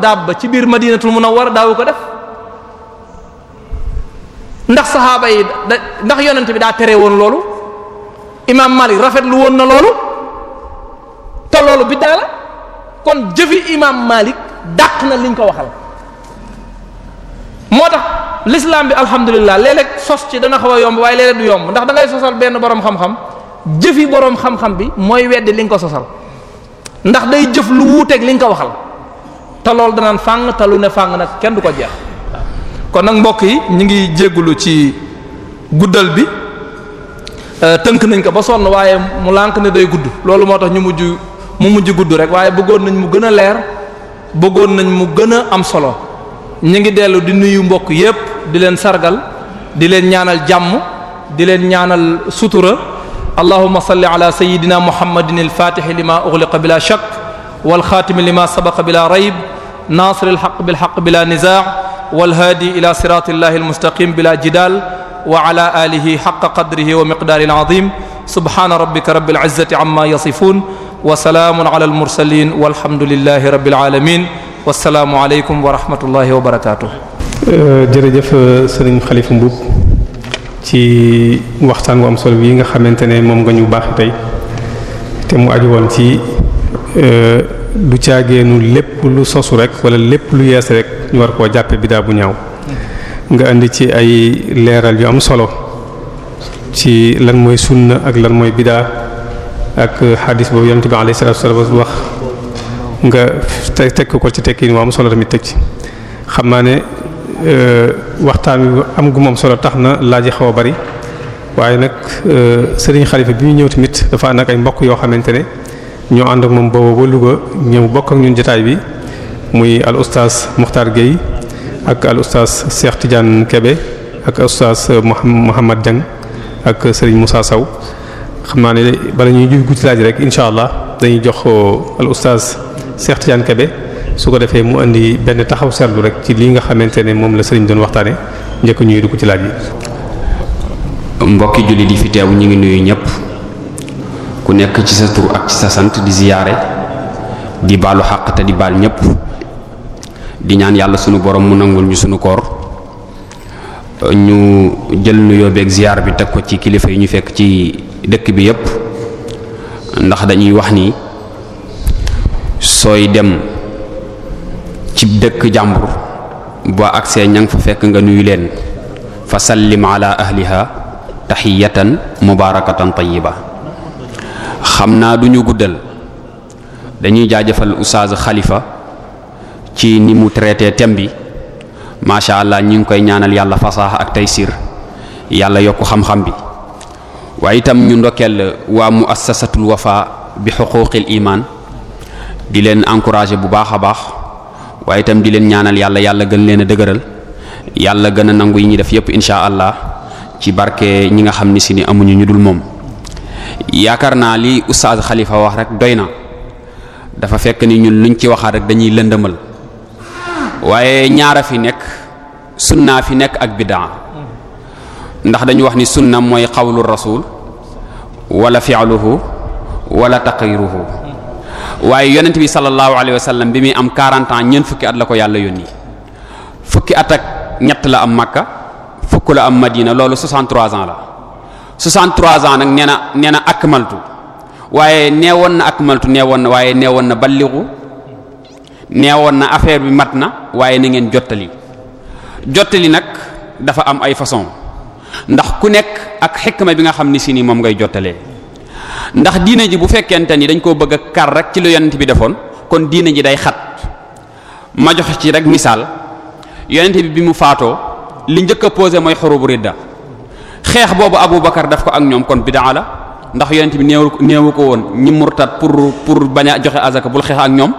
dàbb ci daawu ko def ndax saxaaba yi ndax yonent bi daa tere woon loolu. imaam Malik rafetlu woon na loolu te loolu bi daa la kon jëfi imaam Malik dàq na liñ ko waxal moo tax lislaam bi alhamdulilah léeg-léeg sos ci dana xaw a yomb waaye léeg du yomb ndax da sosal benn borom xam-xam jëfi boroom xam-xam bi mooy weddi li nga ko sosal ndax day jëf lu wuuteeg li nga ko waxal te loolu danaan fàng te lu ne fàng nag kenn du ko jeex kon nag mbokk yi ñu ngi jéggulu ci guddal bi. Euh, tënk nañ ko ba sonn waaye mu lànk ne day gudd loolu moo tax ñu mujj mu mujj gudd rek waaye bëggoon nañ mu gën a leer bëggoon nañ mu gën a am solo ñu ngi dellu di nuyu mbokk yépp di leen sargal di leen ñaanal jàmm di leen ñaanal sutura allahumma salli ala sayyidina muhammadin al-fatih lima ughliqa bila wa wal khatim lima sabaqa bila rayb nasir al bila nizaa' wal hadi ila siratillahi al-mustaqim bila jidal wa ala alihi haqqa qadrihi wa miqdaarihi al-azim subhana rabbika rabbil izzati amma yasifun wa salaamun ala al-mursalin walhamdulillahi rabbil alamin wasalaamu aleykum wa rahmatullahi wa barakatuh euh, jërëjëf euh, sëriñ Xalifa Mbuub ci waxtaan wu am sol yi nga xamante ne moom nga ñu baax tey te mu aju woon ci euh, du caageenu lépp lu sosu rek wala lépp lu yees rek ñu war koo jàppe bidaa bu ñaaw nga indi ci ay leeral yu am solo ci lan mooy sunna ak lan mooy bidaa ak xadis boobu yonent bi alayhi salaatu wasallam wax nga te teg ko ci tekki mu am solo tamit teg ci xam naa ne euh, waxtaan wi am gu am solo tax na laaj xaw a bari waaye nag euh, sëriñ xalifa bi ñu ñëw tamit dafa ànd ak ay mbokk yoo xamante ne ñoo ànd ak moom boobu ba Louga ñëw bokk ak ñun jataay bi muy al oustaz Muxtaar Gueye ak al oustaz Cheikh Tidiane Kebe ak oustaz Mouhamad Dieng ak sëriñ musaa saw xam naa ne bala ñuy juggu ci laaj rek incha allah dañuy jox euh, al oustaz Cheikh Tidiane Kebe su ko defee mu indi benn taxaw seetlu rek ci lii nga xamante ne moom la Serigne doon waxtaane njëkk ñuy dugg ci laaj yi. mbokki julli di fi teew ñu ngi nuyu ñëpp ku nekk ci sa tur ak ci sa sant di ziyaare di baalu xaq te di baal ñëpp. di ñaan yàlla sunu borom mu nangul ñu sunu koor ñu jël nuyoo beeg ziar bi teg ko ci kilifa yi ñu fekk ci dëkk bi yépp ndax dañuy wax ni sooy dem ci dëkk jàmbur ba agsee ña nga fa fekk nga nuyu leen fa sallim ala ahliha taxiyatan mubarakatan tayiba xam naa duñu guddal dañuy jaajëfal oustaz xalifa ci ni mu traité thème bi macha allah ñu ngi koy ñaanal yàlla fasaax ak taysir yàlla yokk xam-xam bi waaye itam ñu ndokkeel waa muassasatul wafa bi xuquqil imaan di leen encourager bu baax a baax waaye itam di leen ñaanal yàlla yàlla gën leen a dëgëral yàlla gën a nangu yi ñuy def yépp incha allah ci barke ñi nga xam ni si ni amuñu ñu dul moom yaakaar naa li oustaz xalifa wax rek doy na dafa fekk ni ñun luñ ci waxaat rek dañuy lëndamal waaye ñaara fi nekk sunnaa fi nekk ak biddaa ndax dañu wax ni sunna mooy xawlu rasul wala fi'luhu wala taqriruhu waaye yonent bi sallallahu alayhi wa sallam bi muy am 40 ans ñeent fukki at la ko yàlla yónni fukki at ak ñett la am Makka fukk la am Madina loolu 63 ans la 63 ans nag nee na nee na akmaltu waaye nee woon na akmaltu nee woon na waaye nee woon na ballighu neewoon na affaire bi mat na waaye ni ngeen jottali jottali nag dafa am ay façon ndax ku nekk ak xikma bi nga xam ni si nii moom ngay jottalee ndax diine ji bu fekkente ni dañ koo bëgg a kar rek ci lu yonent bi defoon kon diine ji day xat ma joxe ci rek misaal yonent bi bi mu faatoo li njëkk a posé mooy xorubu ridda xeex boobu Aboubacar daf ko ak ñoom kon bidaa la ndax yonent bi néew néewu ko woon ñi murtat pour pour bañ a joxe azaka bul xeex ak ñoom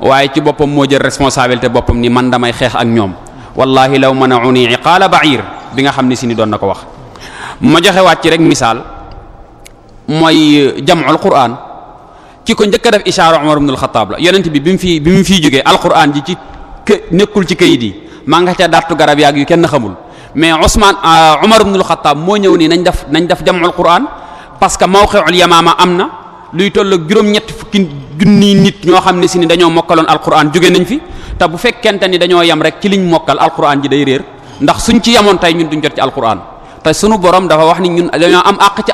waaye ci boppam moo jël responsabilité boppam ni man damay xeex ak ñoom wallahi law mana'uni iqala ba'ir bi nga xam ne si ni doon na ko wax ma joxe waat ci rek misaal mooy euh, jam'ul qur'an ki ko njëkk def ishaara Umar ibn al-Khattab la yonent bi bi mu fi bi mu fiy jógee ji ci nekkul ci kayit yi maa nga ca dartu garab yaag yu kenn xamul mais Ousmane euh, Umar ibn al moo ñëw nii nañ def nañ def jam'ul qur'an parce que mawqi'ul Yamaama am na luy toll juróom-ñetti junniy nit ñoo xam ne si ni dañoo mokkaloon alquran jóge nañ fi te bu fekkente ni dañoo yem rek ci liñ mokkal alquran ji day réer ndax suñ ci yemoon tey ñun duñ jot ci alquran te sunu borom dafa wax ni ñun dañoo am àq ci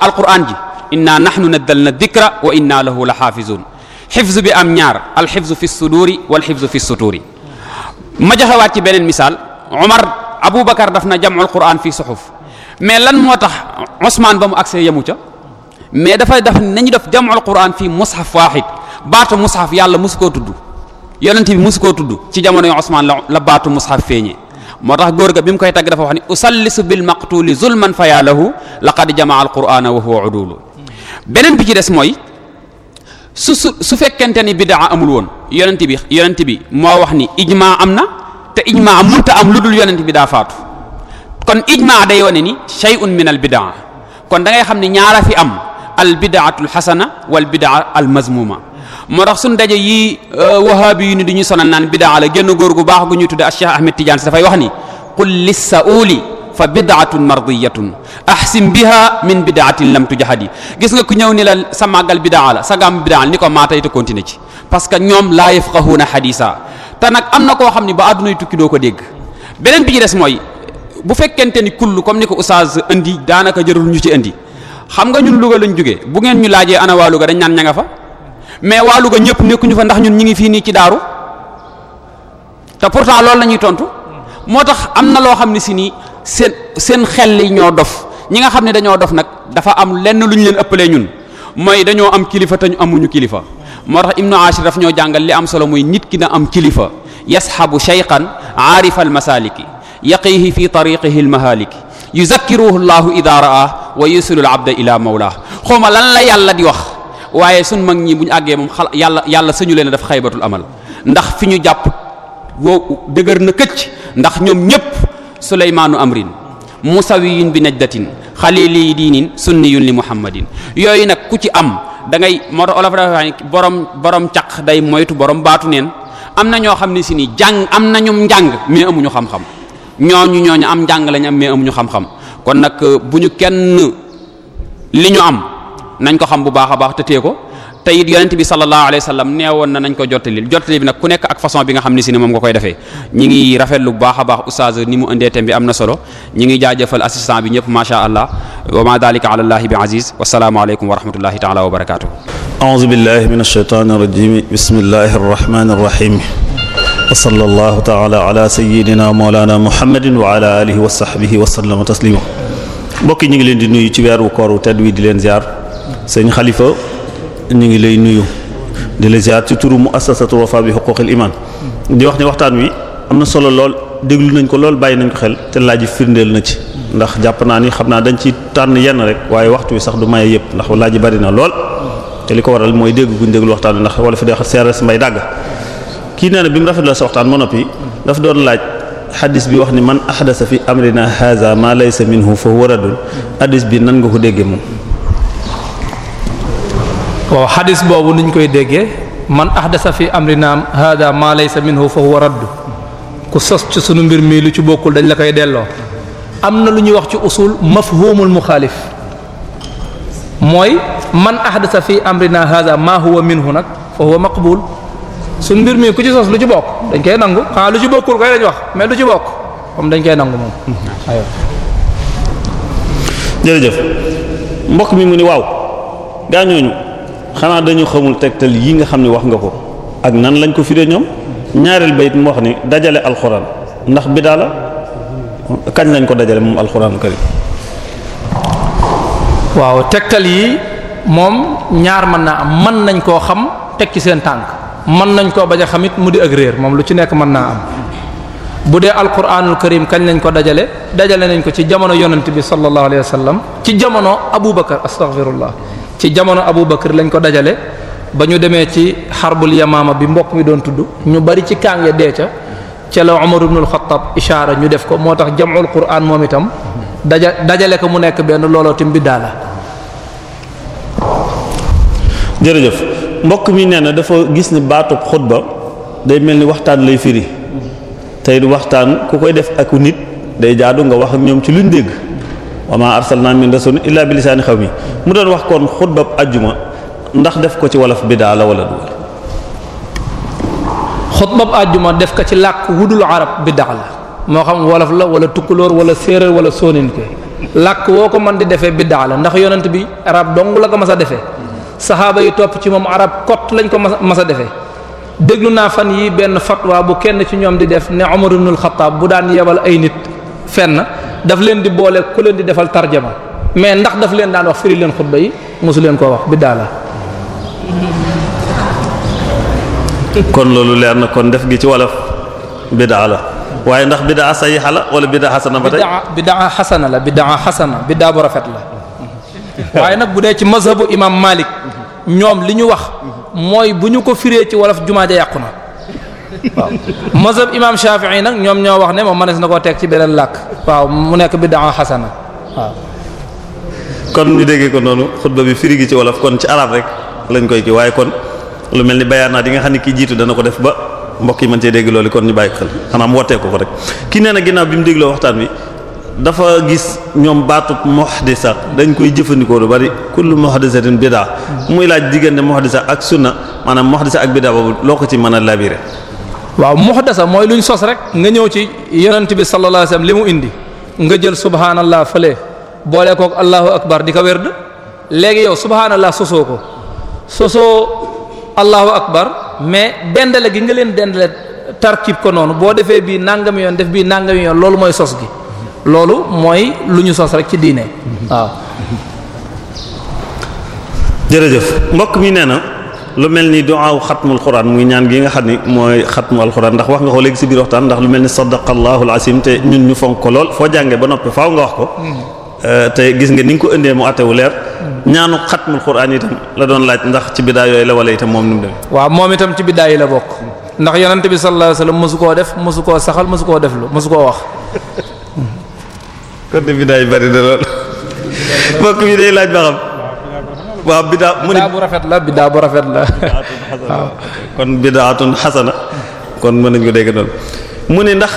ji inna nahnu naddalna dikra wa inna lahu la xaafizun xifz bi am ñaar alxifz fi suduuri wal xifz fi sutuuri ma joxewaat ci beneen misaal Omar daf na jamul fi suxuf mais lan moo tax Ousmane ba mu agsee fi mushaf baatu mushaf yàlla mosu koo tudd yonent bi mosu koo tudd ci jamono yu Usmaan la la baatu mushaf feeñee moo tax góor ga bi mu koy tagg dafa wax ni usallisu bil maqtuli zulman fa yaa lahu laqad jamaa al qur'ana wa huwa udulu beneen bi ci des mooy su su su fekkente ni bidaa amul woon yonent bi yonent bi moo wax ni ijma am na te ijma munta am lu dul yonent bi daa faatu kon ijma day wane ni shay'un min al bidaa kon dangay xam ne ñaara fi am al bidaatul xasana wal bidaa al mazmuma moo tax suñ daje yi euh, wahaabi yu ni di ñu sonal naan bidaa la génn góor gu baax gu ñuy tudde Cheikh Ahmed Tidiane si dafay wax ni qul lissauli fa bidaatun mardiyatun ahsin biha min bidaatin lam tujahadi gis nga ku ñëw la sa màggal bidaa la sa gàmm bidaa la ni ko maatay te continuer ci parce que ñoom laa yafqahuuna xadisa te nag am na koo xam ni ba àddunay tukki doo ko dégg beneen bi ci des mooy bu fekkente ni kull comme ni ko oustaz indi daanaka jërul ñu ci indi xam nga ñun Louga lañ jógee bu ngeen ñu laajee ana waa Louga dañ naan ña nga fa mais waa Louga ñëpp nekkuñu fa ndax ñun ñi ngi fii nii ci daaru te pourtant loolu la ñuy tontu moo tax am na loo xam ne si nii seen seen xel yi ñoo dof ñi nga xam ne dañoo dof nag dafa am lenn lu ñu leen ëppalee ñun mooy dañoo am kilifa te amuñu kilifa moo tax Ibnu Ashir daf ñoo jàngal li am solo muy nit ki na am kilifa yasxabu shaykhan aarifa almasaliki yaqihi fi tariqihi almahaliki yuzakkiruhu llahu ida raa wa yusilu al abda ila mawlah xawma lan la yàlla di wax waaye suñ mag ñi bu ñu àggee moom xal yàlla yàlla sañu leen daf xaybatul amal ndax fi ñu jàpp wow dëgër na këcc ndax ñoom ñépp suleymaanu amrin musawiyun bi najdatin xalili diinin sunniyun li muhammadin yooyu nag ku ci am dangay ngay moo tax olof dafa borom borom caq day moytu borom baatu neen am na ñoo xam ne si ni jàng am na ñum njàng mais amuñu xam-xam ñooñu ñooñu am njàng lañ am mais amuñu xam-xam kon nag bu ñu kenn li ñu am nañ ko xam bu baax a baax te téye ko te it yonent bi sallallahu alayhi wa sallam neewoon na ko jottalil jottali bi nag ku nekk ak façon bi nga xam ne si ne moom nga koy defee ñi ngi rafetlu baax a baax oustaz ni mu indee thème bi am na solo ñi ngi jaajëfal assistant bi ñëpp masha allah wa ma dalika ala bi aziz wasalaamu aleykum wa rahmatullahi taala wa barakatuh a'udhu billahi minash shaitanir rajim bismillahir rahmanir wa sallallahu taala ala wa ala alihi wa sahbihi wa sallama taslima mbokk ñi di nuyu ci weeru koor wu di leen ziar sëñ xalifa ñu ngi lay nuyu di la ziar ci turu muassasatul wafa bi xuquqil iman di wax ne waxtaan wi am na solo lool déglu nañ ko lool bàyyi nañ ko xel te laaj yi firndeel na ci ndax jàpp naa ni xam naa dañ ci tànn yenn rek waaye waxtu wi sax du maye yëpp ndax laaj ji bari na lool te li ko waral mooy dégg guñ déglu waxtaan wi ndax wala fi dee seeres may dàgg kii nee na bi mu rafetloo sa waxtaan mo noppi daf doon laaj xadis bi wax ni man ahdasa fi amrina haza ma laysa minhu fa huwa radun xadis bi nan nga ko déggee moom waaw xadis boobu niñ koy déggee man ahdasa fi amrina hada ma laysa minhu fa huwa radd ku sos ci sunu mbir mii lu ci bokkul dañ la koy delloo am na lu ñuy wax ci usul mafhumul muxaalif mooy man ahdasa fi amrina hada ma huwa minhu nag fa huwa maqbul sunu mbir mii ku ci sos lu ci bokk dañ koy nangu ah lu ci bokkul kay lañ wax mais lu ci bokk comme dañ koy nangu moom hmm. aywa jërëjëf mbokk mi mu ni waaw gaa ñooñu xanaa dañu xamul tegtal yi nga xam ne wax nga ko ak nan lañ ko fi de ñoom ñaareel bayit mu wax ni dajale alxuraan ndax bidaa la kañ lañ ko dajale moom alxuraan karim waaw tegtal yi moom ñaar mën naa am mën nañ koo xam teg seen tànk mën nañ koo bañ a xamit mu di ak réer moom lu ci nekk mën naa am bu dee alquranul karim kañ lañ ko dajale dajale nañ ko ci jamono yonent bi sallallahu alayhi wa sallam ci jamono abu Aboubacar astaghfirullah ci jamono Abu Bakr lañ ko dajale ba ñu demee ci xarbul yamaama bi mbokk mi doon tudd ñu bari ci kànge dee ca ca amaru Umar ibn ishaara ñu def ko moo tax jam'ul Qur'an moom itam daja dajale ko mu nekk benn looloo tim biddaa la jërëjëf mbokk mi nee na dafa gis ni baatub xutba day mel ni waxtaan lay firi tey waxtaan ku koy def aku nit day jaadu nga wax ak ñoom ci luñ dégg wa ma arsalna min rasulin illa bi lisaani xaw mi mu doon wax kon xutbab ajjuma ndax def ko ci wolof bidaa la wala dugal xutbab ajjuma def ko ci làkk wudul arab bidaa la moo xam wolof la wala tukkulóor wala séeréer wala sooninke làkk woo ko mën di defee bidaa la ndax yonent bi arab dong la ko mas a defee saxaaba yi topp ci moom arab kott lañ ko mas a defee déglu naa fan yi benn fatwa bu kenn ci ñoom di def ne Umar ibn al bu daan yebal ay nit fenn daf leen di boole ku leen di defal tarjama mais ndax daf leen daan wax firi leen xutba yi mosu leen koo wax biddaa la kon loolu leer na kon def gi ci wolof biddaa la waaye ndax biddaa sayixa la wala biddaa xasana ba tey biddaa xasana la biddaa xasana biddaa bu rafet la waaye nag bu dee ci mazhabu imam Malik ñoom li ñu wax mooy bu ñu ko firee ci wolof jumaa ja yàqu na waaw mazhab imam Shafi'i nag ñoom ñoo wax ne moom mënees na koo teg ci beneen làkk waaw mu nekk bi bid'a xasana waaw kon ñu déggee ko noonu xutba bi firi ci wolof kon ci arab rek lañ koy ki waaye kon lu mel ni bayaanaat yi nga xam ne kii jiitu dana ko def ba mbokk yi mën cee dégg loolu kon ñu bàyyi xel xanaa mu wootee ko ko rek ki nee na ginnaaw bi mu dégloo waxtaan wi dafa gis ñoom baatub muhdisa dañ koy jëfandikoo lu bari kullu muhdisatin bid'a muy laaj diggante muhdisa ak sunna maanaam muhdisa ak bid'a loo ko ci mën a labiré waaw muhdasa mooy luñ sos rek nga ñëw ci yonent bi sallallahu alayhi wasallam li mu indi nga jël subhanallah fële boole kook allahu akbar di ko werd léegi yow subhanallah sosoo ko sosoo allahu akbar mais dendale gi nga leen dendale tarkib ko noonu boo defee bii nangami yoon def bii nangami yoon loolu mooy sos gi loolu mooy lu ñu sos rek ci diine waaw. jërëjëf mbokk mi nee na. lu mel ni duwaaw xatmul xuraan muy ñaan gi nga xam ni mooy xatmu alxuraan ndax wax nga ko léegi si biir waxtaan ndax lu mel ni sadaqallahul asim te ñun ñu fonk lool foo jàngee ba noppi faaw nga wax ko mm-hmm. euh, te gis nga ni nga ko indee mu attewu leer mm-hmm. ñaanu xatmul xuraan itam la doon laaj ndax ci biddaa yooyu la walla itam moom ni mu dem waaw moom itam ci biddaa yi la bokk ndax yonent bi sallallahu alayhi wasallam mosu koo def mosu koo saxal mosu koo deflu mosu koo wax kon (laughs) de biddaa bari na lool (laughs) bokk bi day laaj ba xam waaw biddaa mu ne bu rafet la biddaa bu rafet la waaw kon biddaatun xasana kon mën nañ ko dégg noonu mu ne ndax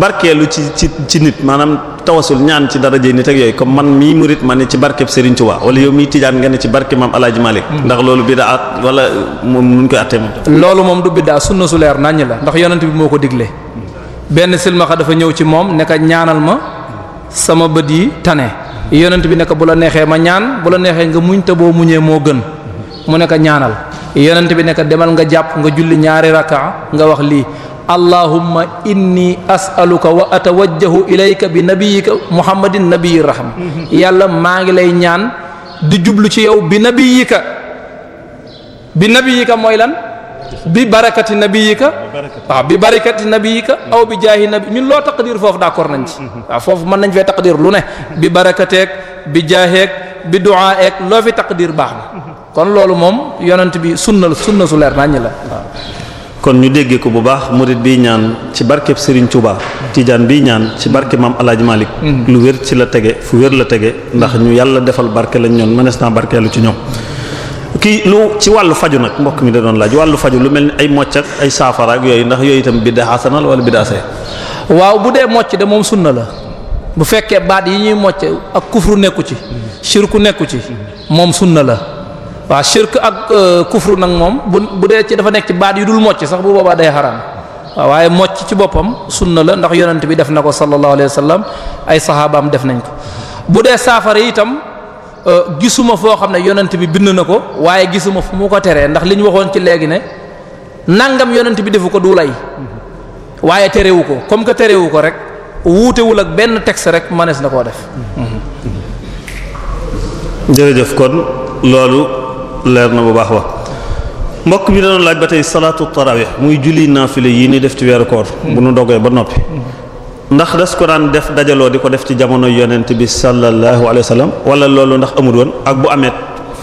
barkeelu ci ci ci nit maanaam tawasul ñaan ci daraje nit ak yooyu comme man mii murit ma ne ci barkeb Serigne waa wala yow mii tijaan nga ci barke maam El Hadj Malick hmm. ndax loolu biddaa wala moom nuñ koy attee moom. loolu moom du biddaa sunna su leer naññ la ndax yonent bi moo ko digle hmm. benn silmaxa dafa ñëw ci moom ne ka ñaanal ma sama bët yi tane. yonent bi ne bu la neexee ma ñaan bu la neexee nga muñ te boo muñee moo gën mu ne ko ñaanal yonent bi ne demal nga jàpp nga julli ñaari raka nga wax lii allahumma inni as'aluka wa atawajjahu ilayka bi nabiyyika muhammadin nabiyyi yàlla maa ngi lay ñaan di jublu ci yow bi nabiyyika bi nabiyyika mooy lan bi barakati nabiyika waaw bi barakati ka aw bi jaahi na ñun loo taqdir foofu d'accord nañ ci waaw foofu mën nañ fee diir lu ne bi barakateeg bi jaaheeg bi du'a eeg loo fi taqdir baax na kon loolu moom yonent bi sunna sunna su leer nañ la kon ñu déggee ko bu baax murid bi ñaan ci barkeb sëriñ Touba Tidiane bi ñaan ci barke maam El Hadj mm-hmm. lu wér ci la tege fu wér la tege ndax ñu yàlla defal barke lañ ñoon mënees naa barkeelu ci ñoom. kii lu ci wàllu faju nag mbokk mi da doon laaj wàllu faju lu mel ni ay mocc ak ay saafara ak yooyu ndax yooyu itam biddaa xasanal wala biddaa see waaw bu dee mocc de moom sunna la bu fekkee baat yi ñuy mocc ak kufru nekku ci shirku nekku ci moom sunna la waaw shirk ak euh, kufru nag moom bu bu dee ci dafa nekk ci baat yu dul mocc sax bu boobaa day xaraam waaye mocc ci boppam sunna la ndax yonent bi def na ko sallallahu alayhi wasallam ay saxaabaam def nañ ko bu dee saafara itam Euh, gisuma foo xam ne yonent bi bind na ko waaye gisuma fu mu ko teree ndax li ñu waxoon ci léegi ne nangam yonent bi defu ko du lay waaye terewu ko comme que terewu ko rek wuutewul ak benn texte rek mënees na koo def. Mhm. jërëjëf kon loolu leer na bu baax wa mbokk bi da doon laaj ba tey salaatu tarawih muy julli naafile yi ni def ci weeru mhm. bu nu dogee ba noppi. Mhm. ndax das ko daan def dajaloo di ko def ci jamono yonent bi sallallahu alayhi wa sallam wala loolu ndax amul woon ak bu amee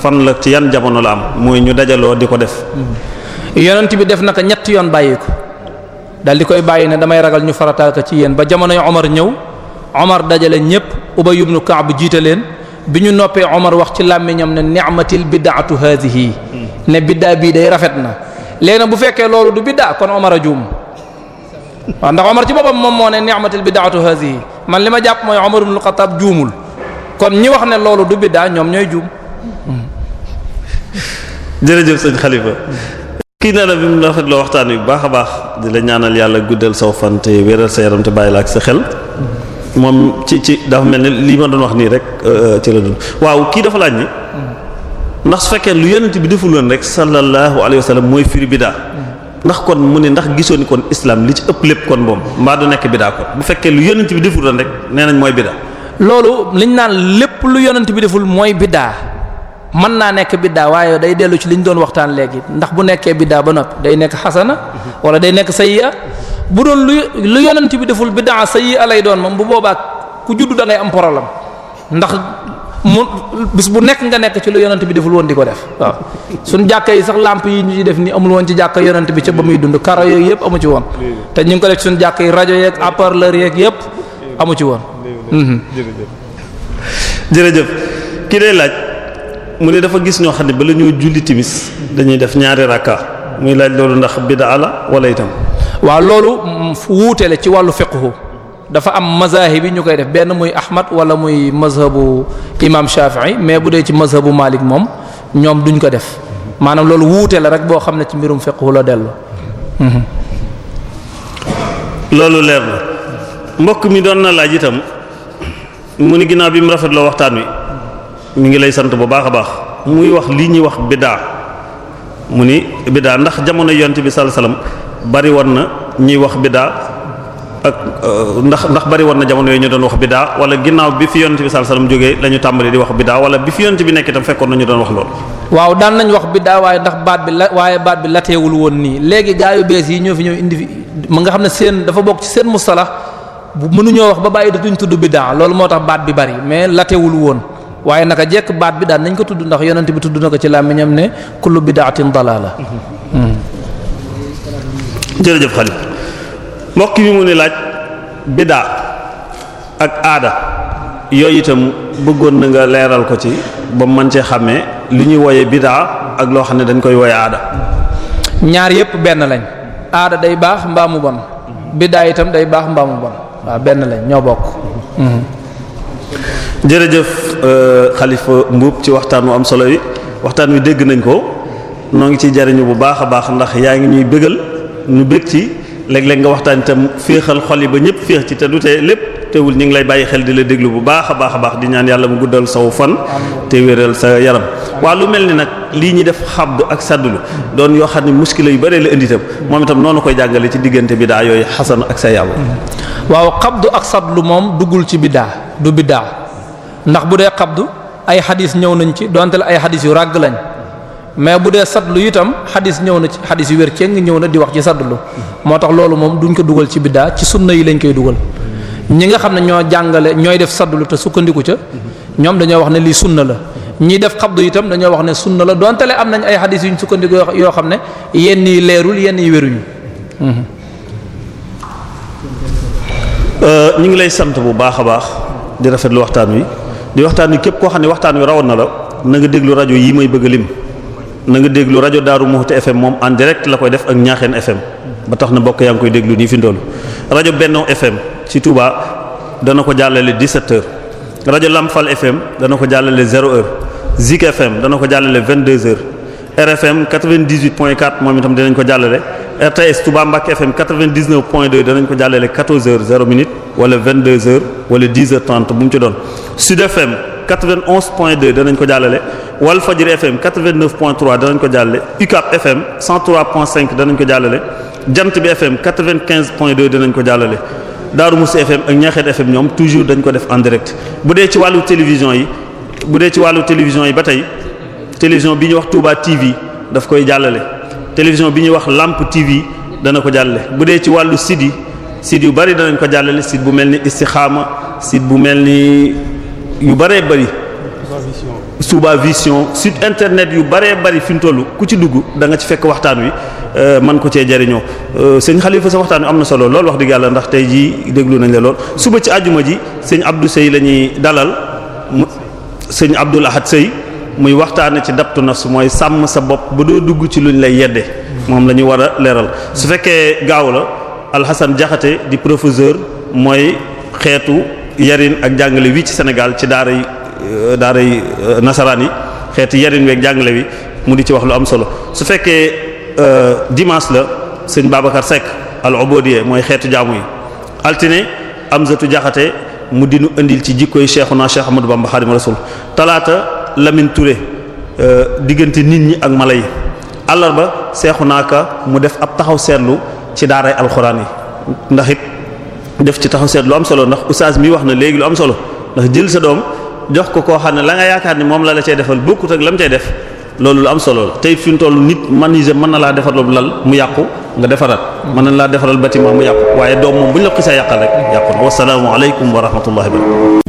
fan la ci yan jamono la am mooy ñu dajaloo di ko def. yonent bi def na ko ñetti yoon bàyyi ko daal koy bàyyi ne damay ragal ñu farataal ko ci yéen ba jamonoy Omar ñëw Omar dajale ñëpp Ubay ibn Ka'b jiite leen bi ñu noppee Omar wax ci làmmiñam ne ni'matil bid'atu hadhihi ne biddaa bii day rafet na léegi bu fekkee loolu du biddaa kon Omar waaw ndax Omar ci boppam moom moo ne ni'matul bid'atu hazihi man li ma jàpp mooy Omar ibn al-Khattab juumul kon ñi wax ne loolu du biddaa ñoom ñooy juum. jërëjëf sëñ xalifa kii nee bi mu rafetloo waxtaan wi bu baax a baax di la ñaanal yàlla guddal sa fan te wéral sa yaram te bàyyi la ak sa xel. moom ci ci dafa mel ni li ma doon wax nii rek euh, euh, ci la doon waaw kii dafa laaj ni. ndax su fekkee lu yonent bi deful woon rek sallallahu alayhi wa sallam mooy firi ndax kon mu ne ndax gisooni kon islaam li ci ëpp lépp kon moom mbaa du nekk bidaa kon bu fekkee lu yonent bi deful doon rek nee nañ mooy bidaa loolu liñ naan lépp lu yonent bi deful mooy bidaa mën naa nekk bidaa waaye day dellu ci li ñu doon waxtaan léegi ndax bu nekkee biddaa ba noppi day nekk xasana wala day nekk sayyi'a bu doon lu lu yonent bi deful bidaa sayyi'a lay doon moom bu boobaak ku juddu da ngay am problème ndax mu bis bu nekk nga nekk ci lu yonent bi deful woon di ko def waaw suñ jàkka yi sax lamp yi ñu def nii amul woon ci jàkk yonent bi ca ba muy dund karo yooyu yëpp amu ci woon te ñu ngi ko def ci suñ jàkka rajo yeeg haut-parleur yëpp amu ci woon mhm. jërëjëf ki day laaj mu ne dafa gis ñoo xam ne bala ñoo julli timis dañuy def ñaari rakka muy laaj loolu ndax bid'a la wala itam waaw loolu wuute la ci wàllu fiqhu dafa am mazahib yi ñu koy def benn muy Ahmad wala muy mazhabu imam Shafi'i mais bu dee ci mazhabu Malik moom ñoom duñ ko def maanaam loolu wuute la rek boo xam ne ci mbirum fiqhu la dellu mhm. loolu leer na mbokk mi doon na laaj itam mu ni ginnaaw bi mu rafet loo waxtaan wi mu ngi lay sant bu baax a baax muy wax lii ñuy wax biddaa mu ni biddaa ndax jamono yont bi sallallahu alayhi bari woon na ñuy wax biddaa ak euh, ndax ndax bari woon na jamono yooyu ñu doon wax biddaa wala ginnaaw bi fi yonent bi sallallahu alayhi wasallam jógee la ñu tàmbali di wax biddaa wala bi fi yonent bi nekk itam fekkoon nañu doon wax loolu. waaw daan nañ wax biddaa waaye ndax baat bi la baat bi lateewul woon nii léegi gaa bees yi ñoo fi ñëw indi fi ma nga xam ne seen dafa bokk ci seen mustalax bu mënuñoo wax ba bàyyi duñ tudd biddaa loolu moo tax baat bi bari mais lateewul woon waaye naka jekk baat bi daan tudd ndax yonent bi tudd na ko ci làmmiñam ne kullu bid'atin dalaala mbokk mi mu ni laaj bidaa ak aada yooyu itam bëggoon na nga leeral ko ci ba mën cee xàmmee li ñuy woye bidaa ak loo xam ne dañ koy woye aada ñaar yépp benn lañ aada day baax mbaamu mu bon bidaa itam day baax mbaamu mu bon waaw benn lañ ñoo bokk mhm. jërëjëf xalifa euh, mbubb ci waxtaan wu am solo yi waxtaan wi dégg nañ ko noo ngi ci jariñu bu baax a baax ndax yaa ngi ñuy bégal ñu bég ci léeg nga waxtaan itam féexal xol yi ba ñëpp féex ci te du tee lépp teewul ñu ngi lay bàyyi xel di la déglu bu baax a baax a baax di ñaan yàlla mu guddal saw fan te wéral sa yaram waaw lu mel ni nag lii ñu def xabdu ak saddulu doon yoo xam ne muskila yu bare la indi moom itam noonu ko jàngale ci diggante bidaa yooyu xasan ak sa yàlla waaw xabdu ak lu moom duggul ci bidaa du bidaa ndax bu dee xabdu ay xadis ñëw nañ ci donte la ay xadis yu ràgg lañ mais bu dee sadlu itam xadis ñëw na ci xadis yu wér ceng ñëw na di wax ci sadlu moo tax loolu moom duñ ko dugal ci biddaa ci sunna yi lañ koy dugal ñi nga xam ne ñoo jàngale ñooy def sadlu te sukkandiku ca ñoom dañoo wax ne lii sunna la ñi def xabdu itam dañoo wax ne sunna la dontale am nañ ay xadis yuñ sukkandiku yoo xam ne yenn yi leerul yenn yi wéruñu euh, ñu ngi lay sant bu baax a baax di rafetlu waxtaan wi di waxtaan wi képp koo xam ne waxtaan wi rawoon na la na nga déglu rajo yi may bëgg lim na nga déglu rajo Daaru Muxti FM moom en direct la koy def ak Ñaaxeen FM ba tax na bokk yaa ngi koy déglu nii fi ndoolu rajo Benno FM ci Touba dana ko jàllale 17h rajo Lamfal FM dana ko jàllale 0h Zik FM dana ko jàllale 22h RFM 98.4 moom itam dinañ ko jàllale RTS Touba Mbacké FM 99.2 danañ ko jàllale 14h 0 minute wala 22h wala 10 h bu mu ci doon Sud 91 point 2 danañ ko jàllale Walfajiri FM 89 point danañ ko jàllale FM 103 point 5 danañ ko jàllale Jant bi FM 95 point 2 danañ ko jàllale Daaru Musi FM ak Ñaxeet FM ñoom toujours dañ ko def en direct bu dee ci wàllu télévision yi bu dee ci wàllu télévision yi ba tey télévision bi ñuy wax Touba TV daf koy jàllale télévision bi ñuy wax Lamp TV dana ko jàllale bu dee ci wàllu site yi yu bari danañ ko jàllale site bu mel ni Istikhama site bu mel ni yu bare bëree suba supervision site internet yu bëree bari fi mu toll ku ci dugg danga ci fekk waxtaan wi euh, man ko cee jariñoo euh, sëñ Xalifa sa waxtaan wi am na solo lool wax dëgg yàlla ndax tey jii déglu nañ la lool suba ci àjjuma ji sëñ Abdou sëy lañuy dalal mu sëñ Abdul Ahad Sey muy waxtaane ci dabtu su mooy sàmm sa bopp ba doo dugg ci luñ lay yedde moom la ñu war a leeral su fekkee gaaw la Alxasan Jaxate di professeur mooy xeetu. yarin ak jàngale wi ci Sénégal ci daara yi euh, daara yi euh, nasaraan yi xeeti yarin weeg jàngale wi mu di ci wax lu am solo su fekkee euh, dimaas la sëñ Babacar Seck al-Ubudiyya mooy xeetu jaamu yi altine Amzatu Jaxate mu dinu indil ci jikkoy Cheikhuna Cheikh Ahmadou Bamba Xaadimu Rasuul talaata Lamine Touré diggante nit ñi ak mala yi àllarba Cheikhuna ka mu def ab taxaw seetlu ci daaray alxuraan yi ndax def ci taxaw seet lu am solo ndax oustaz mi wax na léegi lu am solo ndax jël sa doom jox ko koo xam ne la nga yaakaar ni moom la la cay defal bokkut ak la mu cay def loolu lu am solo la tey fi nit menuisier mën na laa defaral lal mu yàqu nga defaraat mën na laa defaral bâtiment mu yàqu waaye doom moom bu ñu la xisee yàqal rek yàqu na wasalaamu aleykum wa rahmatullahi wa barakatuh